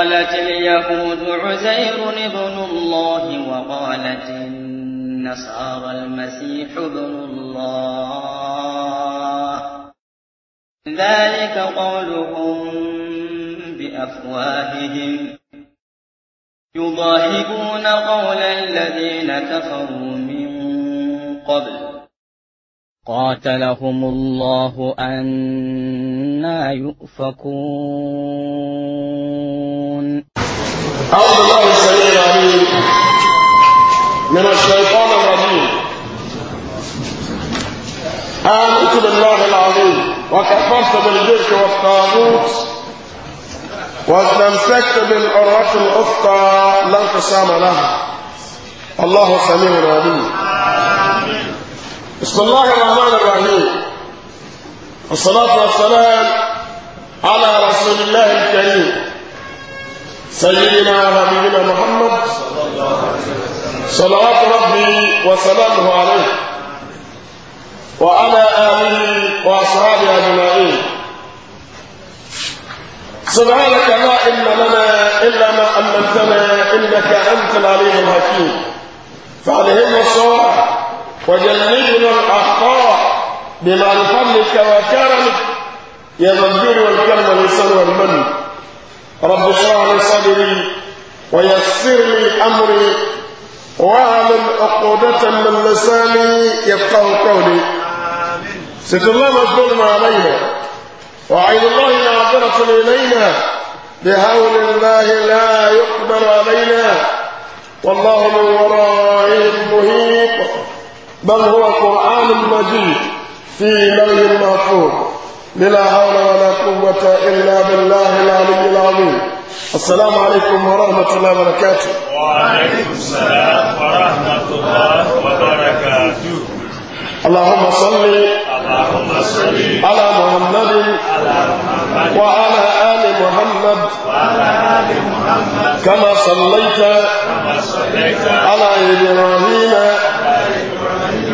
قالت اليهود عزير ابن الله وقالت النصارى المسيح ابن الله ذلك قولهم بأفواههم يضاهبون قول الذين كفروا من قبل قاتلهم الله أنا يؤفكون أعوذ الله السميع العليم من الشيطان الرجيم آمنت بالله العظيم وكفرت بالبرك والطاغوت واستمسكت بالعروة الأخرى لا انقسام لها الله سميع عليم بسم الله الرحمن الرحيم والصلاة والسلام على رسول الله الكريم سيدنا وحبيبنا محمد صلوات ربي وسلامه عليه وعلى آله وأصحابه أجمعين سبحانك لا علم لنا إلا ما أمنتنا إنك أنت العليم الحكيم فعليهن الصواب وجنبنا الأخطاء بمن فضلك وكرمك يا ذا الجود والكرم والإحسان والمن رب اشرح لي صدري ويسر لي أمري واعلم عقودة من لساني يفقه قولي ستر الله مجبور علينا وعين الله ناظرة إلينا بهول الله لا يقدر علينا والله من ورائه محيط بل هو قرآن مجيد في لوح المحفوظ بلا حول ولا قوة إلا بالله العلي العظيم السلام عليكم ورحمة الله وبركاته وعليكم السلام ورحمة الله وبركاته اللهم صل اللهم صل على محمد على محمد وعلى آل محمد وعلى آل محمد كما صليت كما صليت على إبراهيم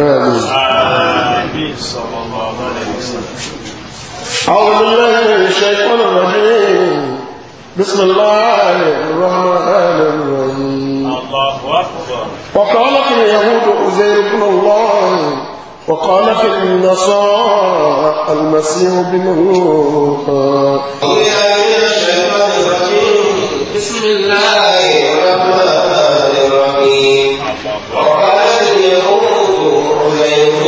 آمين الله عليه وسلم أعوذ بالله الشيطان الرجيم بسم الله الرحمن الرحيم الله أكبر وقالت اليهود عزير بن الله وقالت النصارى المسيح بن الله بسم الله الرحمن الرحيم Gracias.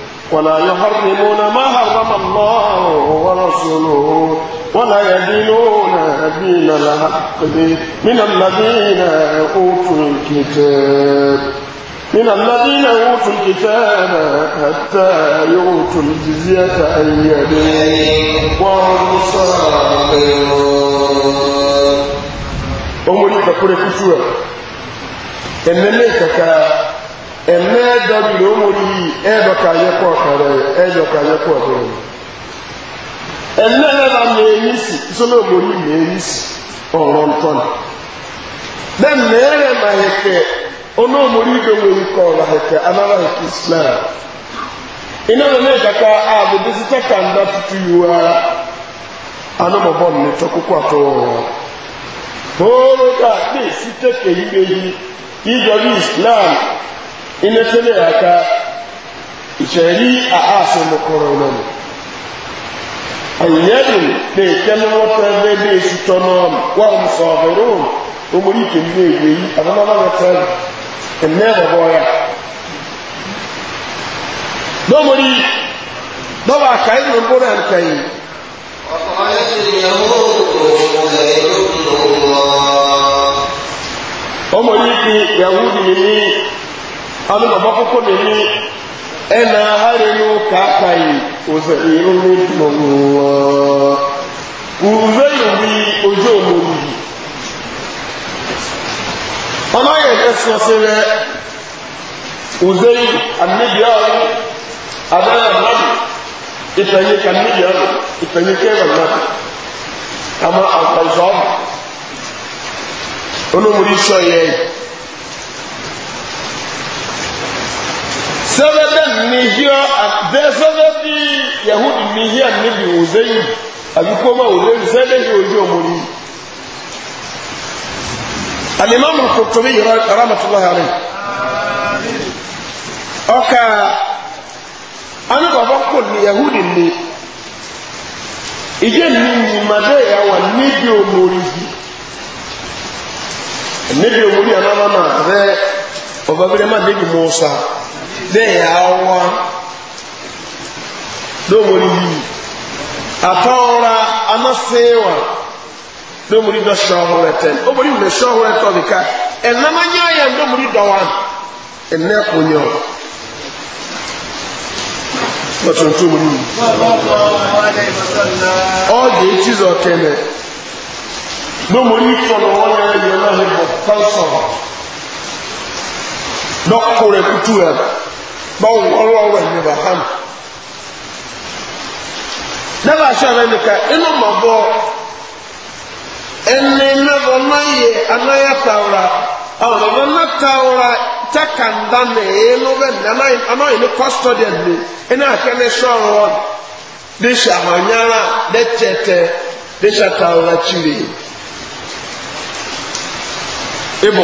ولا يحرمون ما حرم الله ورسوله ولا يدينون دين الحق من الذين أوتوا الكتاب من الذين أوتوا الكتاب حتى يؤتوا الجزية عن يد وهم صاغرون أمريكا كل كتوى أنني كتاب ẹ̀mẹ́ dọ́bìlì ó mórí yìí kwa yẹpọ̀ ọ̀kàrẹ̀ ẹ̀dọ̀ka yẹpọ̀ ọ̀kàrẹ̀ ẹ̀mẹ́ lẹ́la mẹ́rin sí sọ́nà mórí mẹ́rin sí ọ̀rọ̀ ntọ́nà bẹ́ẹ̀ mẹ́rẹ̀ mà hẹ̀kẹ́ ọ̀nà mórí ìgbẹ́ wọ̀nyí kọ́ ọ̀rọ̀ hẹ̀kẹ́ anára hẹ̀kẹ́ islam iná lọ ní ìjàkà àbùdí sí tẹ́ka ńlá tutù yìí wá anamọ̀bọ̀ ibe islam ina sene haka ìṣẹ̀rí àáṣe mọ́kọrọ̀ lọ́nà ẹ̀yẹ́dùn lè tẹ́lú wọ́n tẹ́lẹ̀ bí èṣù tọ́nà wọ́n ń sọ ọ̀bẹ̀rún omori kèmí èyí yìí àbámáwá tẹ́lẹ̀ ẹ̀mẹ́ ọ̀bọ̀ ya lọ́mọdé lọ́wọ́ àkàyè ló ń bọ́ náà nìkan yìí. ọmọdé kì yahoo ni ní ɔno na ɔbɛkɔkɔ n'ani ɛna kaka no kaakae ɔsɛbi ɔmo dɔnwɔɔ ɔvɛ yobi ɔdze ɔmo yi ɔno ayɛ ɛsɛ sɛ lɛ ɔvɛ yi anibia ɔno adana nadu ìpẹ̀yìn kanibia ɔno ìpẹ̀yìn kẹwàá nadu kama àgbàzọ́ ɔno ɔno mo sọ yẹ mmehia bɛsɛ bɛ bi yahudi mmehia ne bi wòze yi abikɔ ma wòze yi sɛ bɛhia ojú ɔmo ni alimami kotobi yɛrɛ aramatulah ari ɔka anu baba kò ní yahudi ni ìyé mi nyimadé yà wà níbi ɔmo ni níbi ɔmo ni anamama rɛ ɔbɛbɛrɛ ma níbi mɔ sa. dẹ́yìn awọ́ lóòmòrí yìí àfáwọ́ra amáfẹ́wà lóòmòrí dọ̀ ṣọ́ọ̀húrẹ́ tẹ́ lóòmòrí mẹ́ ṣọ́ọ̀húrẹ́ tọ́ nìka ẹ̀nàmá nyá yẹ lóòmòrí dọ̀wà ẹ̀nà ẹ̀kúnyọ̀ lọ́tọ̀ọ̀tọ̀ mú yìí ọ̀dẹ̀ etí ọ kẹ́lẹ̀ lóòmòrí tọ̀nà wọ́n yẹ ẹ̀yẹ ní bọ̀ pẹ́sọ̀ lọ́kùnrin kútù báwo ọrọ ọwọ ẹni bá hàn dábàá aṣọ àná nìkan inú mà bọ ẹni mẹbọ náà yẹ anáyà àwọn ọmọ náà tàwọrà tẹkàndá nìyẹn ló bẹ nìyẹn anáyẹ ní kọsítọdì ẹni ẹni àkẹ́ni sọ̀rọ̀ wọn de sahanyara de tɛtɛ de satawura ibò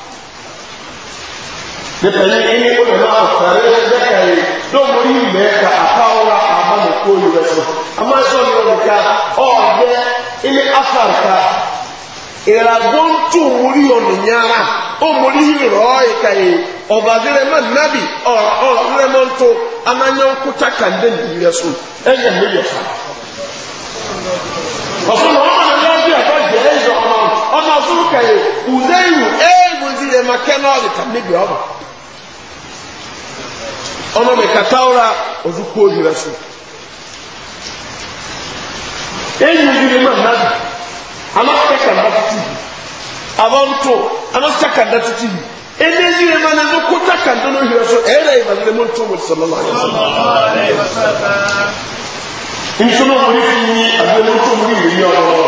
nípẹ̀lẹ́ ẹni kúrò náà fẹ̀rẹ̀ ọ yìí dọ́mọ̀rí ilẹ̀ ẹ̀ka àtàwọn àbámọ̀kó yìí rẹ̀ sọ. àmọ́ ẹ̀sọ́ ka wọ̀ nìka ọ̀bẹ ilé afárika ìràgbọ́n tó wúrí ọ̀nìyàrá ó mórí rọ̀ ẹ̀ka yìí ọba dẹ́rẹ́ mọ́ nábì ọ̀rẹ́ mọ́ tó kàndé mi ọ̀sùn náà ọmọ náà bí ẹ̀fọ́ jẹ́ ọmọ ọmọ ùdẹ́yìn ọmọ mi kata ọra ọdún kú ojú rẹ sùn eyi ojú ni mà nàbì àmà sẹkà ndà títì yìí àbọ̀ntò àmà sẹkà ndà títì yìí ẹni eyi rẹ mà nàbì kó sẹkà ndà lóhìí rẹ sùn ẹ̀rẹ̀ yìí bàtà lẹ́mọ̀ tó wọlé sọ̀rọ̀ lọ́wọ́ àyè nsọ́nà wọlé fi yí àbẹ̀lẹ̀ tó wọlé yìí yọ̀ ọ́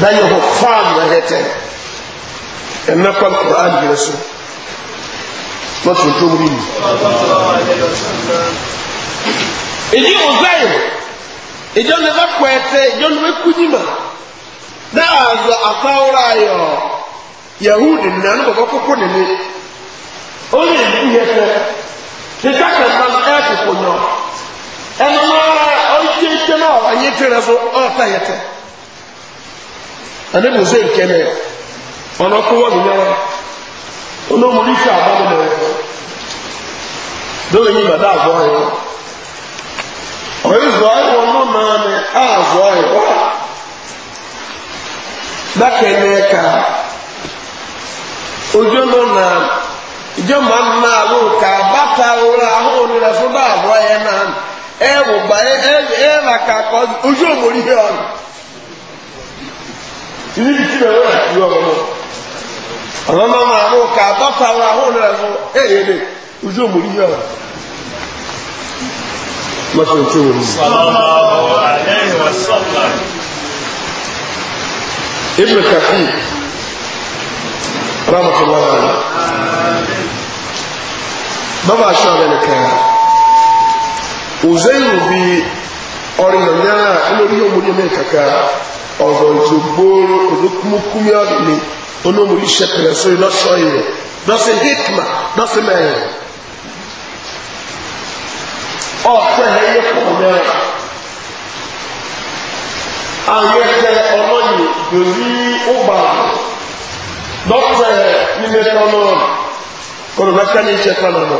náà yẹ kó fáàmù ẹ̀hẹ́tẹ̀ ẹ̀ nàkọ́ àbẹ̀lẹ̀ sùn sọ́tún tó mú nínú. èyí ò zẹ́yìn ìjọ ní bá pọ̀ ẹ̀tẹ́ ìjọ ní bá kú nímà náà àzọ àtàwọ̀rọ̀ ayọ̀ yahoo nìyí nínú bàbá kókó nìyí ó lè ní ìyẹn fẹ́ títà kẹta ẹ̀ kò kò yàn ẹnu máa ọjọ́ iṣẹ́ náà ayé tẹ̀rẹ̀ fún ọ̀tá yẹtẹ̀ ẹni mùsẹ̀ ìkẹ́lẹ̀ ọ̀nà kó wọ́n mi náà olóòmùrí sí àbámọ́ rẹ̀ lórí yìí bàdá àgọ́ rẹ̀ ọ̀rẹ́ ìzọ̀ ẹ̀wọ̀ náà máa ní àgọ́ rẹ̀ wá dákẹ́ni ẹ̀ka ojú ọ̀nà náà ìjọ máa ń máa wò ká bàtà òra ahóhùn rẹ̀ fún bá àgọ́ ẹ̀ náà ẹ̀wọ̀ gbà ẹ̀ rà kàkọ́ ojú òmùrí ọ̀nà ìdíbi tí bẹ̀rẹ̀ wà ní ọ̀rọ̀ náà àwọn ọmọ àwọn ọkà bọ́fà wọn àwọn ọ̀nà ẹ̀fọ́ èyí ni ojú òmùrí yọ ọ. mọ́tò tó wọ̀ ní. sọlọ́wọ́ àlẹ́yìn wọ sọ́ọ̀lá. ibùdó kàfí rámọ̀tòmọ́ wà ní. bàbá aṣọ rẹ̀ nìkan òzẹ́yìn òbí ọ̀rìn ọ̀nyá olórí òmùrí mi kàkà ọ̀rọ̀ ìjọgbó olókùnkùnmí ọ̀dùnmí onomuli hyɛpɛrɛ so yi n'ɔsɔ yɛ n'ɔsɛ hikma n'ɔsɛ mɛɛ ɔkpɛ hɛ yɛ kɔmɛ ayɛ fɛ ɔlɔyi doni ɔba n'ɔkpɛ nime tɔnɔ kɔnɔba fɛ ne hyɛ tɔnɔ nɔ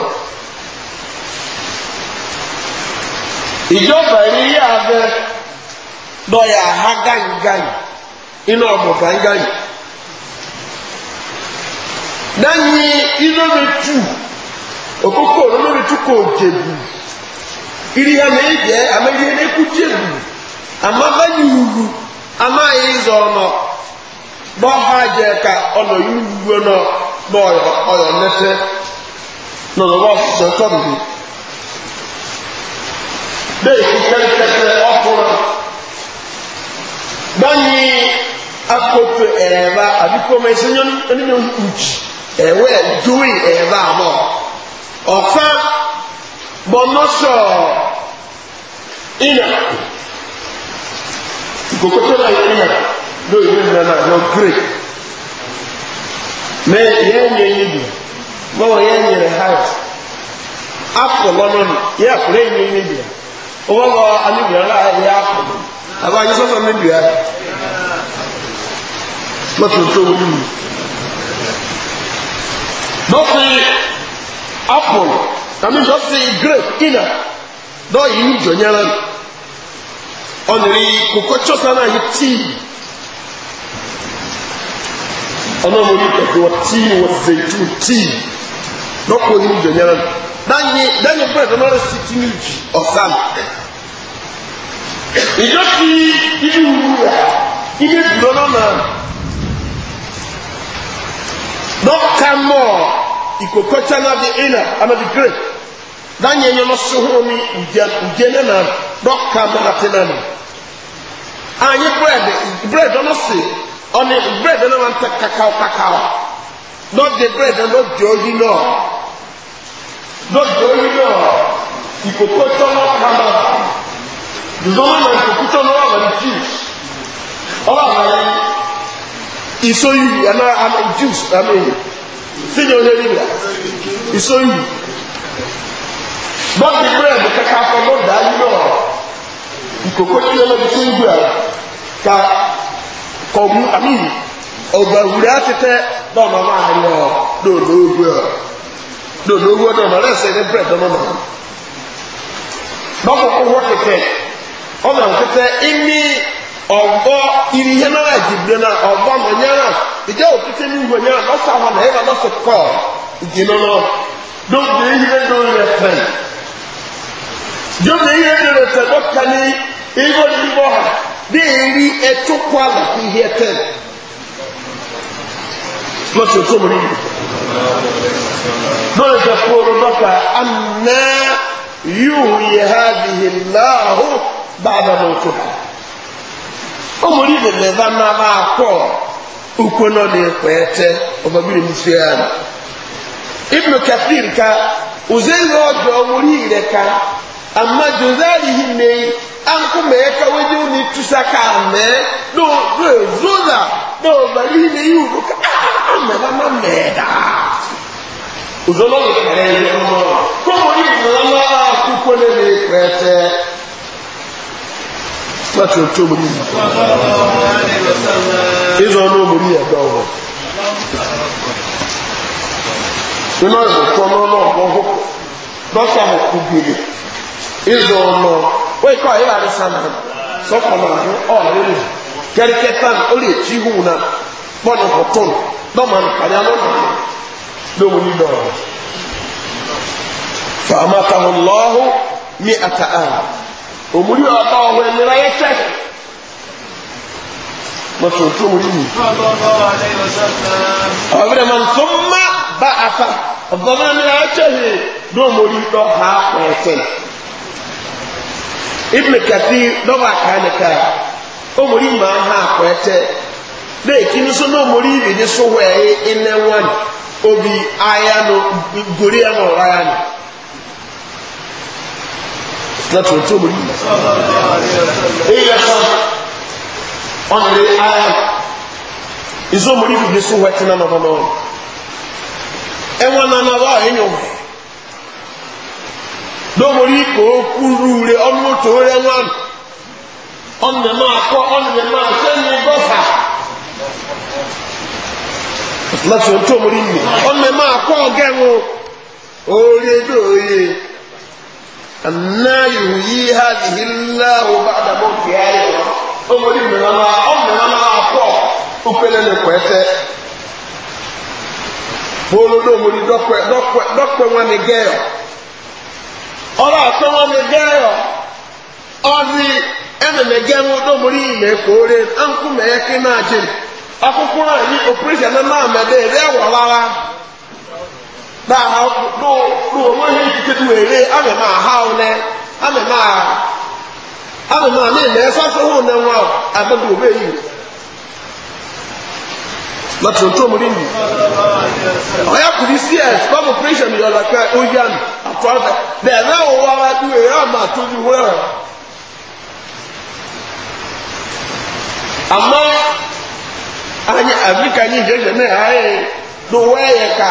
ìjọba yìí yà bẹ lọ yà ha gángan inú ọmọ gángan yìí. danyi inobetu okoko inobetu ko bụ iri ya meje ameye ne ku jebu ama banyuru ama ọnọ ono bo haje ka ono yuru ono bo yo oyo nete no no wa so to bi uchi ẹ wẹ́ dúwì ẹ̀ bá a mọ̀ ọ̀fẹ́ bọ́mọ́sọ̀ ìyà ìkòkòtò náà ìyà lóyún ní ìlànà àjọ greek mẹ yẹn yẹn yìí dùn bọ́wọ̀ yẹn yẹn rẹ̀ house afọ lọ́nà nù yẹ àkùrẹ́ yẹn yẹn yẹn dùn owó wọ alùpùpù náà yẹ afọ lọ́nà àbáyé sọ́sọ́ mi dùn yà mọ́tò tó wù dɔsi apple kàmi dɔsi grape ina dɔyi ni jɔnyala ni ɔniri koko tsosa na yi tii ɔnɔmɔ ni pɛtɛ wɔ tii wɔ zɛtu tii dɔkɔ ni jɔnyala ni danyi danyi bread ɔnɔri si ti ni ju ɔsan ìjọ ti ibi wura ibi dùn ɔnɔ náà dɔka mɔɔ ikokɔtsa na di ina ana di gire danyɛ nyɛ no sohoro ni udie ne nam dɔka mɔɔ ti na nam anyi brɛd brɛd ɔno si ɔne brɛd ɔno ma ntɛ kakao kakao dɔdi brɛd ɔno di oyi nɔɔ dɔdi oyi nɔɔ ikokɔtsa na kama dɔn na ikokɔtsa na ɔba di juice ɔba ma yɛ isoyi ana ana juice amen sinye onye libra isoyi bọ́ọ̀dì bread kẹka afọ bọ́ọ̀dì ayé náà ìkòkò tí yẹn lọ́dún tó ń gbà ka kọ̀ọ̀mù amin ọ̀gbà wùrẹ́ afẹ́fẹ́ náà máa máa lọ lòdò ogbó ẹ̀ lòdò ogbó náà máa lẹ́sẹ̀ ní bread náà máa bọ́ọ̀kọ̀kọ̀ wọ́ kẹkẹ ọ̀nà kẹkẹ ìmí. ọgbọ iri ihe nara jibire na ọgbọ ma nyara ìjẹ́ òtítẹ́ ní ìwé ha na àwọn ọ̀nà ẹ̀rọ lọ́sọ̀ pọ̀ ìdìnnà ihe dóòdì rẹ̀ ihe dóòdì rẹ̀ fẹ̀ ha bí èrí ẹ̀tọ́ ihe tẹ̀ lọ́sọ̀ ha omori le mɛva na ba kɔ uko na ɔde kpɛɛtɛ ɔba bi ne mu fie ano ibnu kafir ka ozeli ɔdɔ omori yɛrɛ ka ama jozali yi ne anko mɛɛ ka wɛdi oni tusa ka mɛɛ do do zoza do obali yi ne yi wo ka aa mɛva na mɛɛ daa ozɔlɔ yɛ kɛlɛ yɛ lɔmɔ kɔmori yɛ lɔmɔ kuko ne de kpɛɛtɛ. láti ọ̀tọ́ omori yìí ìzọ ọ̀nà omori yìí ẹ̀dá ọ̀rọ̀ nínú ẹ̀sùnkọ́ lọ́nà ọ̀gbọ́n dọ́kítà òkú gbèrè ìzọ ọ̀nà wẹ́ẹ̀kọ́ ayé wà ní sànà sọ́kọ̀nà ọ̀rẹ́ rẹ̀ kẹ́ríkẹ́ ó lè tí hù náà pọ́nù ní dọ̀rọ̀ lọ́hùn ní omuli ọtọ ọwọ emere wa yẹ fẹ mọtò tó omuli Ọ bụrụ na nsọ́mà bá a fa ọ̀bọ̀mọ̀ mi náà tẹ̀lé ní omuli lọ ha ọ̀ẹ̀tẹ̀. ibùdó kàtí lọ́wọ́ àkànnìkà omuli ha ọ̀ẹ̀tẹ̀ lẹ́ẹ̀kí ní sọ́nà omuli ìbí ní sọ́wọ́ obi gori láti ohun tí ó mú yìí. èyí ẹ̀ka ọ̀nà lè ayá ìzó mú yìí fìdí sún wẹ́tí náà nọ́nọ́ náà ẹ̀wọ̀n náà náà wà ẹ̀yìn ọ̀hún. lómori kò ó kúrú ọmọ tó rẹ̀ wọn ọ̀nà máa kọ́ ọ̀nà máa láti máa أنا يهيي هذه الله بعد موتها أمري من أنا أمري من أنا أقوى أكلني كويتة bolo do mo ni dɔkɔɛ dɔkɔɛ dɔkɔɛ wɔn ni ɔlɔ asɔ wɔn ni gɛɛ ɛnɛmɛ gɛɛ do mo ni mɛ koore anku mɛ ɛkɛ naa yi de ɛdɛ wɔ na ha do do onwe were ama m aha one ama m ama m ama eme esa ne nwa abịa obe ihe. na tuntun mu rindu ọya kuru isi ẹ bọbụ pressure mi ka oyi ami atọ ọbẹ bẹẹmẹ ọwọ ụwa dị were ama atọ bi wọrọ ama anyị afirika anyị jeje na-ahịa ka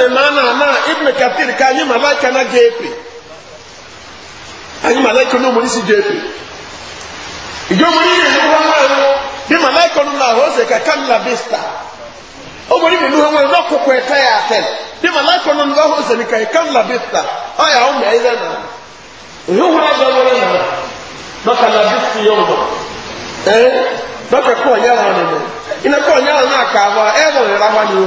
ene mana na ibn kathir ka anyị malaika na ga-epe anyị na ga-epe ije omori ihe n'ụwa nwaanyị dị malaika nọ n'ahụ ka kamla bista omori ihe n'ụwa nwaanyị n'ọkụkụ ya ate malaika ka bista ọ ya ụmụ na ihe ụwa ya nwere bista ya ụmụ ee dọka kọọ ya na ebe ọ rere ahụ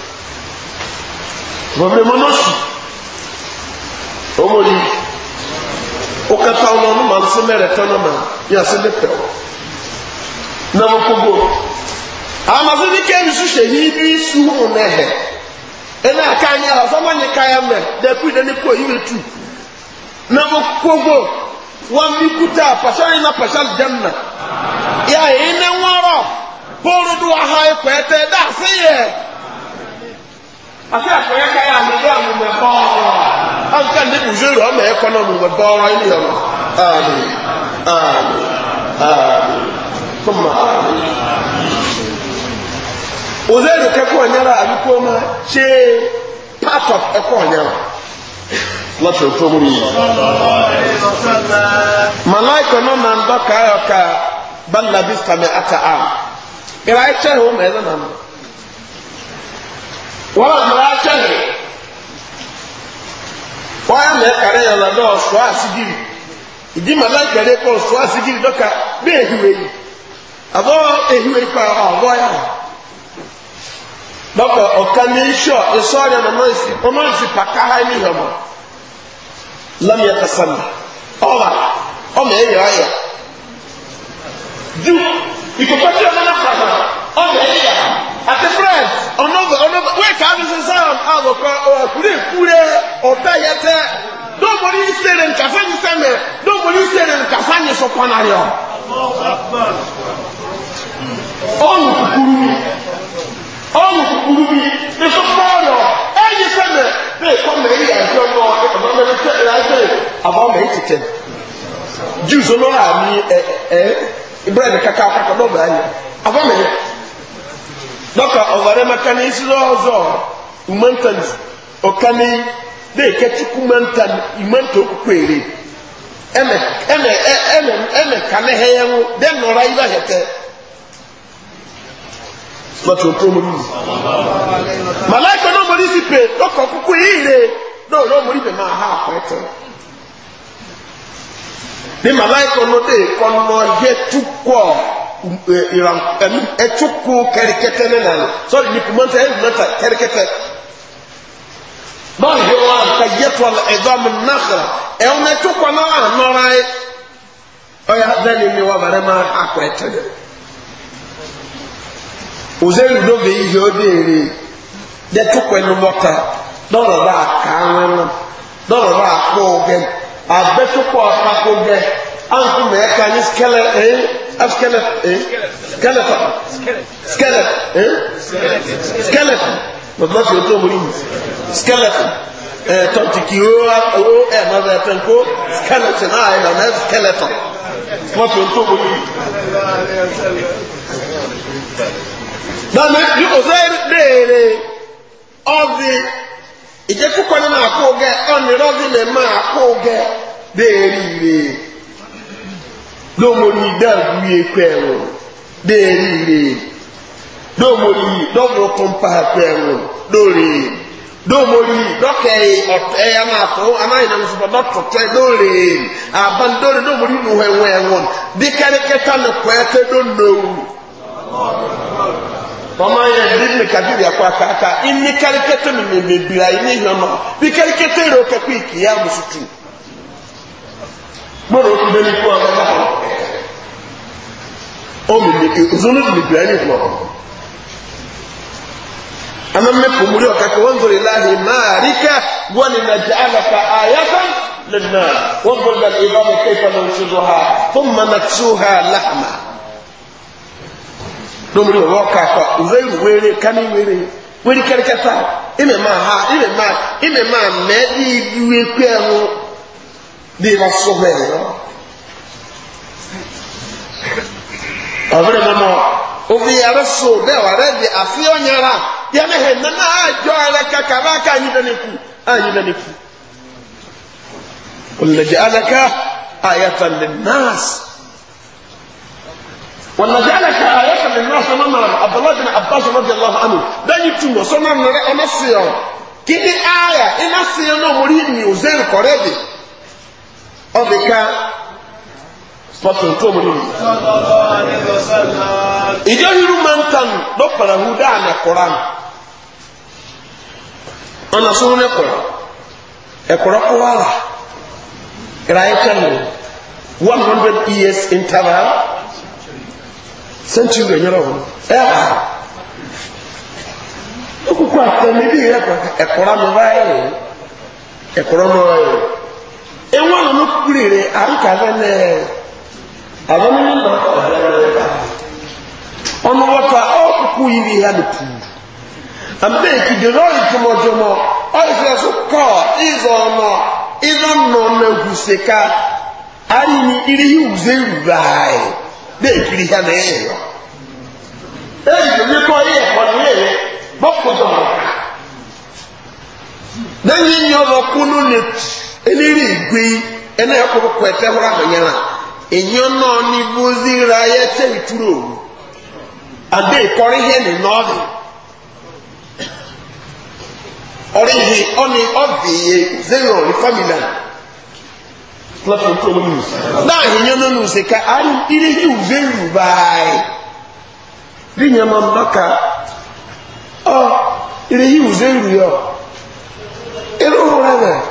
bọ̀bẹ̀ mọ́ lọ́sù ọmọdé ó kẹta ọmọ ọmọ màá fún mẹ́rẹ̀ tọ́nà màá yà sí ní pẹ̀wọ̀ náà wọ́n kó bò àmàfin ní kẹ́mi sùn ṣe yí bí sùn hùn náà hẹ̀ ẹnna àká yẹn àwọn fọmọ ní káyà mẹ dẹkú ìdẹni kú èyí wetu náà wọ́n kó bò wọ́n mi kúta pàṣẹ yìí náà pàṣẹ jẹun náà yà èyí ní wọ́n rọ̀ bóòrò dùn wà ha ẹ̀kọ́ ẹ̀ tẹ́ àti àkọyẹ káyà àmúgbé àmúgbé Ha àǹkà ní ìbùjú rẹ̀ ọmọ ẹ̀kọ́ náà àmúgbé bọ́ọ̀rọ̀ ẹni ọ̀rọ̀ àmì àmì àmì fúnmà àmì. part of ẹ̀kọ́ ọ̀nyára láti ọ̀tọ́ mú mi. nọ na ndọka ń ka ayọ̀ká bá ń labi sàmì àtà àm. ìrà ẹ̀kẹ́ ìwọ̀n wọ́n àgbàrá akyẹ́lẹ̀ wọ́n yà mẹ́ kàrẹ́ yàrá dọ́ ọ̀ṣọ́ àṣìgìrì ìdí màmá ìkàrẹ́ kọ́ ọ̀ṣọ́ àṣìgìrì dọ́kà bí ehiwe yìí àbọ̀ ehiwe yìí pa ọ̀bọ̀ yà dọ́kà ọ̀ka ní iṣọ́ ìṣọ́ọ̀rẹ́ ọmọ ìsì pàkà ha ní ìhọ̀mọ̀ lọ́mọ yẹ kásánà ọ̀bà ọmọ ẹ̀yẹ ọ̀yẹ ju ìkọ̀kọ̀ tí ọmọ náà àti fred ọ̀nọ́bọ̀ ọ̀nọ́bọ̀ wẹ́ẹ̀kì àdúsí sáàm àbọ̀kọ ọ̀kùnrin kúrẹ́ ọ̀tá yẹtẹ dọ́mọ̀rí ìṣẹ̀lẹ̀ nkàfáyé sẹ́mẹ̀ dọ́mọ̀rí ìṣẹ̀lẹ̀ nkàfáyé sọ̀kọ́nàyọ̀. ọ̀nù kúkúrú mi ọ̀nù kúkúrú mi ìsọ̀kọ́yọ̀ ẹ̀yìn sẹ́mẹ̀ bẹ́ẹ̀ kọ́ mẹ́rin àjọ náà àbámẹ́rin tẹ̀lé dɔka ɔvare maka ne esi ɔzɔ umantan ɔkane de mantan imanta ere eme ɛnɛ ɛnɛ kane hɛyɛ ŋo de nɔra yi ba hɛtɛ lọtí tó mo ní. náà mo ní sí pé ha àpẹtẹ. N'i náà ìran ẹnu ẹtukun kẹrìkẹtẹ nínà ni sọrọ nìkùmọ́ntà ẹnìkùmọ́ntà kẹrìkẹtẹ náà yọ wa nka yẹtọ ẹdọm nàkàrà ẹwọn ẹtukun náà nọra yẹ ọyà bẹẹni ni wà bẹrẹ máa akọ ẹtẹ dẹ òzèlú dóbi yìí yọ ọdẹ èrè ẹnu mọta dọlọ bá kàá wẹrẹ dọlọ bá kọ ọgẹ abẹtukọ ọkọ ọgẹ anko mɛ ka ni skɛlɛ ɛɛ askɛlɛ ɛɛ skɛlɛtɔ skɛlɛ ɛɛ skɛlɛtɔ mɔtɔ fi o tó mo ni mu skɛlɛtɔ ɛɛ tɔntiki o o ɛ ma bɛ fɛn ko skɛlɛtɔ n'a yɛ lɛ skɛlɛtɔ mɔtɔ fi o tó mo ni mu. dame ni o sɛ deere ɔbi ìjẹ́kùkọ́ nínú àkóò gẹ ọ̀nìrọ́bí lè máa àkóò gẹ déèrè rèé dɔmɔri daaguye kpɛɛŋo deeriire dɔmɔri dɔbɔ kɔmpaa kpɛɛŋo dɔɔre dɔmɔri dɔkɛɛ ɔtɛɛ ama akɔ ama yina no sɔgbɔ dɔtɔtɔɛ dɔɔre aban dɔɔre dɔmɔri nu hɛwɛɛŋo bikari kɛta ne kɔɛtɛ dɔndowu ọmọ yẹn bíbí mi kàbíyà kọ àkàkà ìní kárìkẹtẹ mi mèmèbìrà ìní ìhànmọ bí kárìkẹtẹ rẹ ọkẹkọ ìkìyà mùsùlùmí gbọdọ òkú bẹni kú ọmọ náà zunubi bibiani kuma ana mmefu muri wakati wanzuri lahi marika walinajaalaka ayatan linnas wanzur lalibamu kaifa nunshidha thumma naksuha lahma domuri wawakafa uzairu were kani were were karikata ime ma ha ime ma ime ma me ibi wekwe ho di rasobe no ọ̀rẹ́ mọ́mọ́ òfin yàrá so bẹ́ẹ̀ wà rẹ̀ di àfi ọ̀nyẹ́ra yẹn hẹ̀ nínú àjọ rẹ̀ kàkà bá ká yín dání kú àyín dání kú. olùdíje alaka ayatan lè nàásì wàlàjẹ́ alaka ayatan lè nàásì ọmọ mọ̀ràn abdullahi bin abbas rọ́bì allah anu bẹ́ẹ̀ tu wọ́n sọ́nà nìrẹ́ ọmọ sí ọ kí ni aya iná sí ẹ náà mo rí ni ò zẹ́rì kọ́rẹ́ bì ọ̀bì ká. mọ́tún tó múlò ní. ìjọ hiru máa ń tan lọ́pàá hu dáa ní ẹ̀kọ́ra nù. ọ̀nà sọ́run ní ẹ̀kọ́ra ẹ̀kọ́ra kó wà rà ra ẹ̀ one hundred years interval century ẹ̀yẹ́rọ wọn ẹ̀ hà ó kúkú àtẹ̀mí bí ẹ̀kọ́ra mi báyìí ẹ̀kọ́ra mi báyìí ewu àwọn ọmọ kúrè rẹ̀ à ń kà lẹ́nu ẹ̀. àwọn ní ma ọ̀bẹ lọ́wọ́ ọmọ wọ́tọ̀ ọ̀kùnkùn yìí Na hàn tù àmì ìkìdè lọ́rì jùmọ̀jùmọ̀ ọ̀rẹ́fẹ́ ọ̀sọ̀ kọ́ ìzọ̀ ọ̀nà ìzọ̀ ka ọ̀nà ògùsèká ayé ni irí na wùzé wùrà ẹ̀ bẹ́ẹ̀ kiri èyàn náà ní bózíra ayẹ́tẹ́ ìtúrò òru àbẹ́ na yẹn ní nọ́ọ̀dì ọ̀rẹ́ yìí ọ̀nì ọ̀bìyẹ zero ní fámìlà náà èyàn náà nù sèkà àrí ilé yìí zero báyìí bí yẹn máa ń dọ́ka ọ ilé yìí zero yọ irú rẹ̀ bẹ́ẹ̀.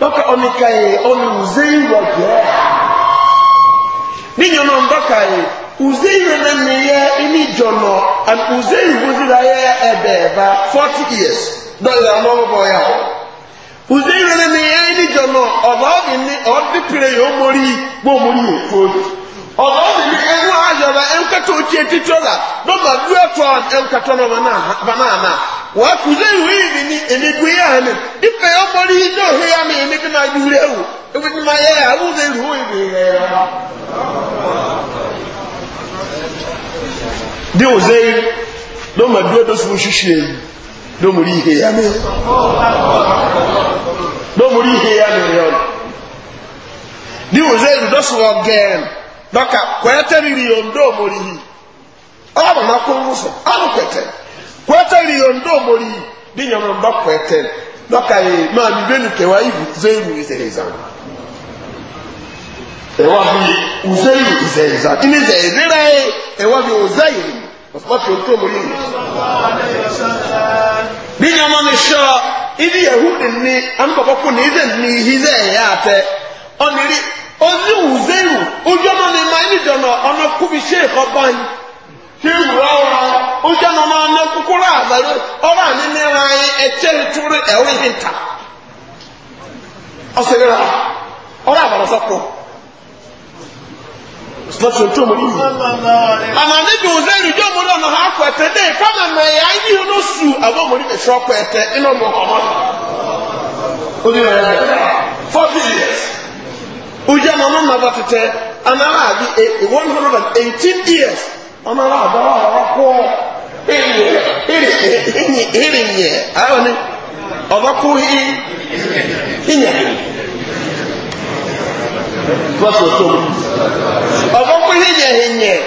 dɔkɛ ɔnika yi ɔni uzeyi wɔ jɛ ni nyɔnɔ ndɔka yi e, uzeyi yɛ nani yɛ ini jɔnɔ and uzeyi wuzi la yɛ ɛbɛɛba forty years dɔyɛ ɔlɔwɔbɔ yɛ o uzeyi yɛ nani yɛ ini jɔnɔ ɔba ɔdi ni ɔdi pere yɛ ɔmori gbɔ ɔmori yɛ ọ̀dọ́ mi ẹ̀wú ayọ̀bá ẹ̀ńkẹ́tọ̀ ojú etí tọ́lá dọ́gba dúró ẹ̀tọ́ ẹ̀ńkẹ́tọ̀ náà banáàna wà á kùzẹ́ ìwé ìbí ní èmi gbé yà á ní ìfẹ́ ọmọdé yìí náà hẹ́ yà mí èmi kí máa dúró ẹ̀wù èmi dɔka kwɛtɛ riri yondo morihi ɔba ma ko nwusu alu kwɛtɛ kwɛtɛ riri yondo morihi di nyama ba kwɛtɛ dɔka ye maa mi bɛ nu ibu zeyiru izɛyizan Ewa bi uzeyiru izɛyizan kini ye ewa bi mori di mi ibi yahudi ni ni ize ozi wùzéwù ojú ọmọ ịma ma ní ìjọ̀nà ọ̀nà kubi sheik ọba ọba ní nira anyị ẹ̀kyẹ́ ìtúrú ẹ̀wọ̀n yìí ta ọ̀sẹ̀rẹ̀ ọ̀rọ̀ na sọ̀kọ̀ sọ̀tún tó mọ̀ yìí. àmà níbi ha kọ̀ de kama mme ya yìí ló sù àbọ̀ mọ̀ ujia na ọmọ a tete anara e, one hundred and eighteen years ọmọra adara ọkọ iri nyẹ ayọ ni ọbakọ hi hinyẹ ọbakọ hinyẹ nene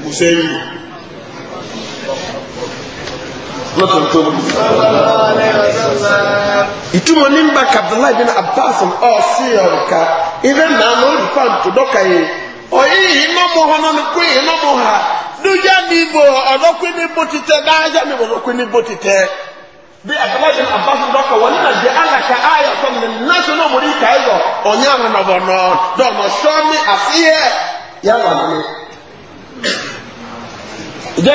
nene lọ́tọ̀ tó mú. ìtumọ̀ ní mbà kabdala ibi na abbas ọ̀sìn ọ̀rùka ilé náà ló rí fan tó dọ́ka yìí ọ̀yìn yìí iná mọ̀ hàn ní kú iná mọ̀ hà lójà ní ibò ọ̀dọ́kùn ní bó ti tẹ dáhàjá ní ọ̀dọ́kùn ní bó ti tẹ. bí àgbàlá ibi na abbas dọ́ka wọ́n nínú àjẹ ayọ̀ tó ní national mori kaayọ̀ ọ̀nyá àwọn ọ̀nà dọ̀mọ̀ sọ́ọ́mì àfihẹ́ yàrá mi. ìjẹ́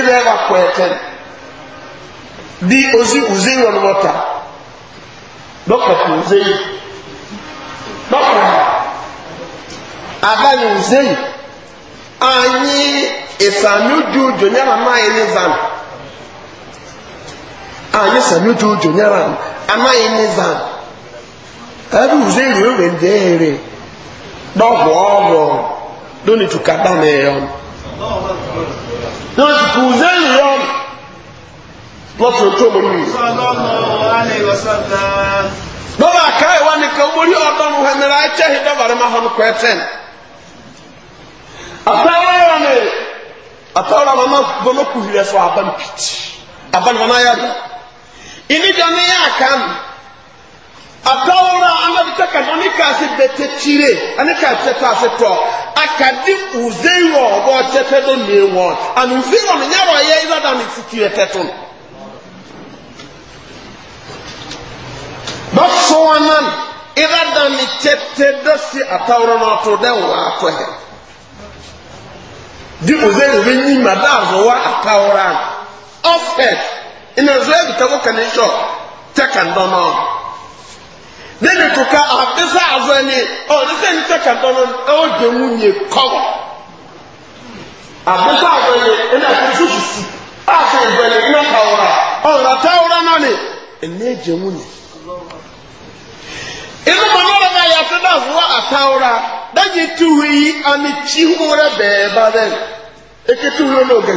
ibẹ̀ wà pọ̀ ẹ̀tẹ̀ ozi uze yìí wọn wọta dọ́kà tó uze yìí dọ́kà abẹ́ni uze yìí anyi ìsàmìjú jònyára máa ní zan anyi ìsàmìjú jònyára amáyé ní zan ẹbí uze yìí ló rẹ̀ ń dẹ́ ẹ̀rẹ̀ dọ́gbọ̀ ọ̀rọ̀ lónìí tùkà lọ́sí kù zẹ́yìn yọ lọ́sí tó mọ̀ nínú. lọ́wọ́ àkáyé wa nìkan mórí ọ̀dọ́ mu hẹ́mẹ́rẹ́ àìkyẹ́ hìdá bàrẹ́ máa hàn kọ́ ẹ̀tẹ́n. àtàwọn ọ̀rọ̀ ni àtàwọn ọ̀rọ̀ máa bọ́nà atawura anabita ka na nika ase bete kyire anika ɛtɛtɛ ase tɔ akadi uzeyi wɔ ɔbɔ ɔtɛtɛ do nie wɔn ani uzeyi wɔ no nyɛ wɔ yɛ ɛyɛ da ne fitiri ɛtɛtɛ no bɛfo anan ɛyɛ da ne tɛtɛ do si atawura na ɔtɔ dɛ wɔ atɔ yɛ di uzeyi wɔ bɛ nyi ma da azɔ wa atawura ɔfɛ ɛna uzeyi bi ta ko kɛnɛ sɔ tɛ kan dɔn naa. níbi kòkà àbísà àzọ ẹni ọ̀dísà yìí tẹ̀ka ntọ́nù ẹ̀wọ́ dè mú nyè kọ́wọ́ àbísà àzọ ẹni ẹni àti sísìsì àti ìbẹ̀lẹ̀ iná kàwọ́ra ọ̀rọ̀ àtàwọ́ra náà ni ẹ̀jẹ̀ inú náà lọ́dọ̀ náà fún dájú yìí àmì tí bá eke náà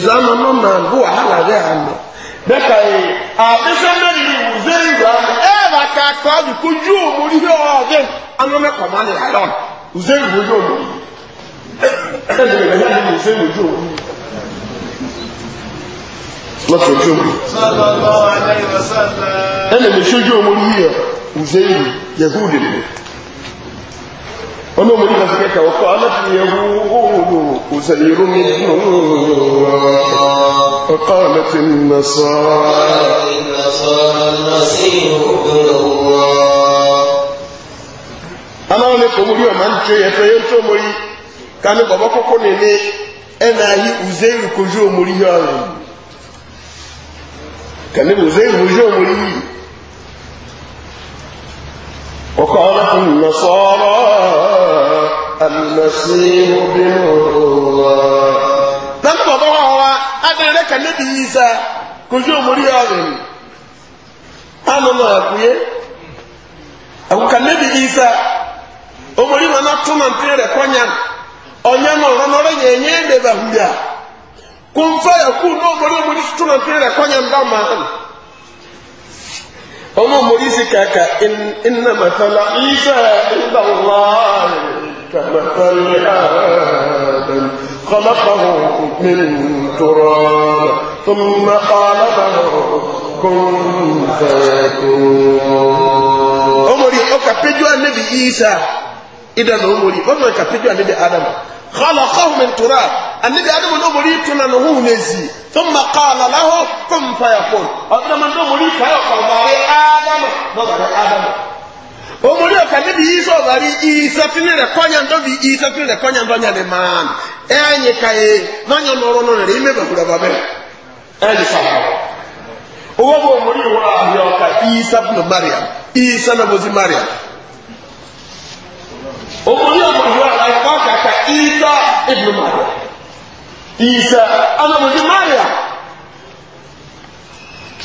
gẹ̀yẹ̀ bá dẹ́ka yìí àbísẹ́mẹ́rì ni wùzẹ́ ìwà ẹ̀ bá ká kọ́ àdùkú ju òmùrí yọ ọ̀dẹ́ anọ́mẹ́ kọ̀má ni àyọ̀n wùzẹ́ ìwà ojú òmùrí ẹ̀ ẹ̀ lè yá ni wùzẹ́ ìwà ojú òmùrí lọ́sọ̀ ojú òmùrí ẹ̀ lè mèsì ojú òmùrí yọ wùzẹ́ ìwà yẹ̀kú dèlè wọ́n mọ̀ ní kàfíkẹ́ kàwọ́ kọ́ alẹ́ fi yẹ wúwo wúwo wúwo wúwo wúwo وقالت النصارى المسيح ابن الله أنا أنا كمولي ومن شيء يفعل تومولي كان بابا كوكوني أنا هي أزير كوجو مولي هاري كان أزير كوجو مولي وقالت النصارى المسيح ابن الله adịrịrị ka nebi dị isa kụzi omori ya ọrịa anụ nọ ya kwuye ka nebi isa omori ma na-atụ na kwanya onye nọrọ nọrọ ya enye edebe ya kumfa ya kwu na omori omori tụ na kwanya ka ka matala ka matala خلقه من تراب ثم قال كن فيكون أمري أكفجوا النبي عيسى إذا عمري أمري كفجوا النبي آدم خلقه من تراب النبي آدم كنا نهو نزي ثم قال له كن فيكون أدرى من أمري كيوكا ومعي آدم نظر آدم omuli okane biyiisa obali iisa tinire konya ndo biyiisa tinire konya ndo nyane maana eanyikaye banyonolononere ime bahula babe elisahawo oba bwomuli wahyoka iisa buno mariyamu iisa nabuzi mariyamu omuli omuliwakaka iisa ibunu mariyamu iisa anabuzi mariyamu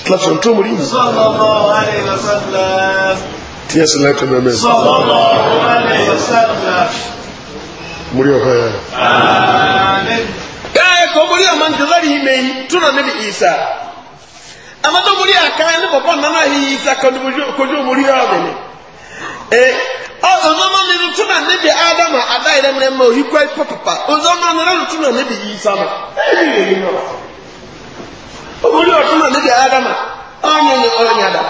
tulasontumulimu tí ẹ sì lẹ́tọ̀ mẹ́mẹ́. Múrí ọ̀họ́ yẹn. Káyọ̀ kò múrí ọ̀ma ń tẹ̀lé rí ìmẹ̀ yìí tún náà níbi ìsà. Amadu múrí àkáyọ̀ ní bọ̀bọ̀ nánà yìí ìsà kojú múrí ọ̀bẹ̀ ni. Ọ̀zọ́nà nínú tún náà níbi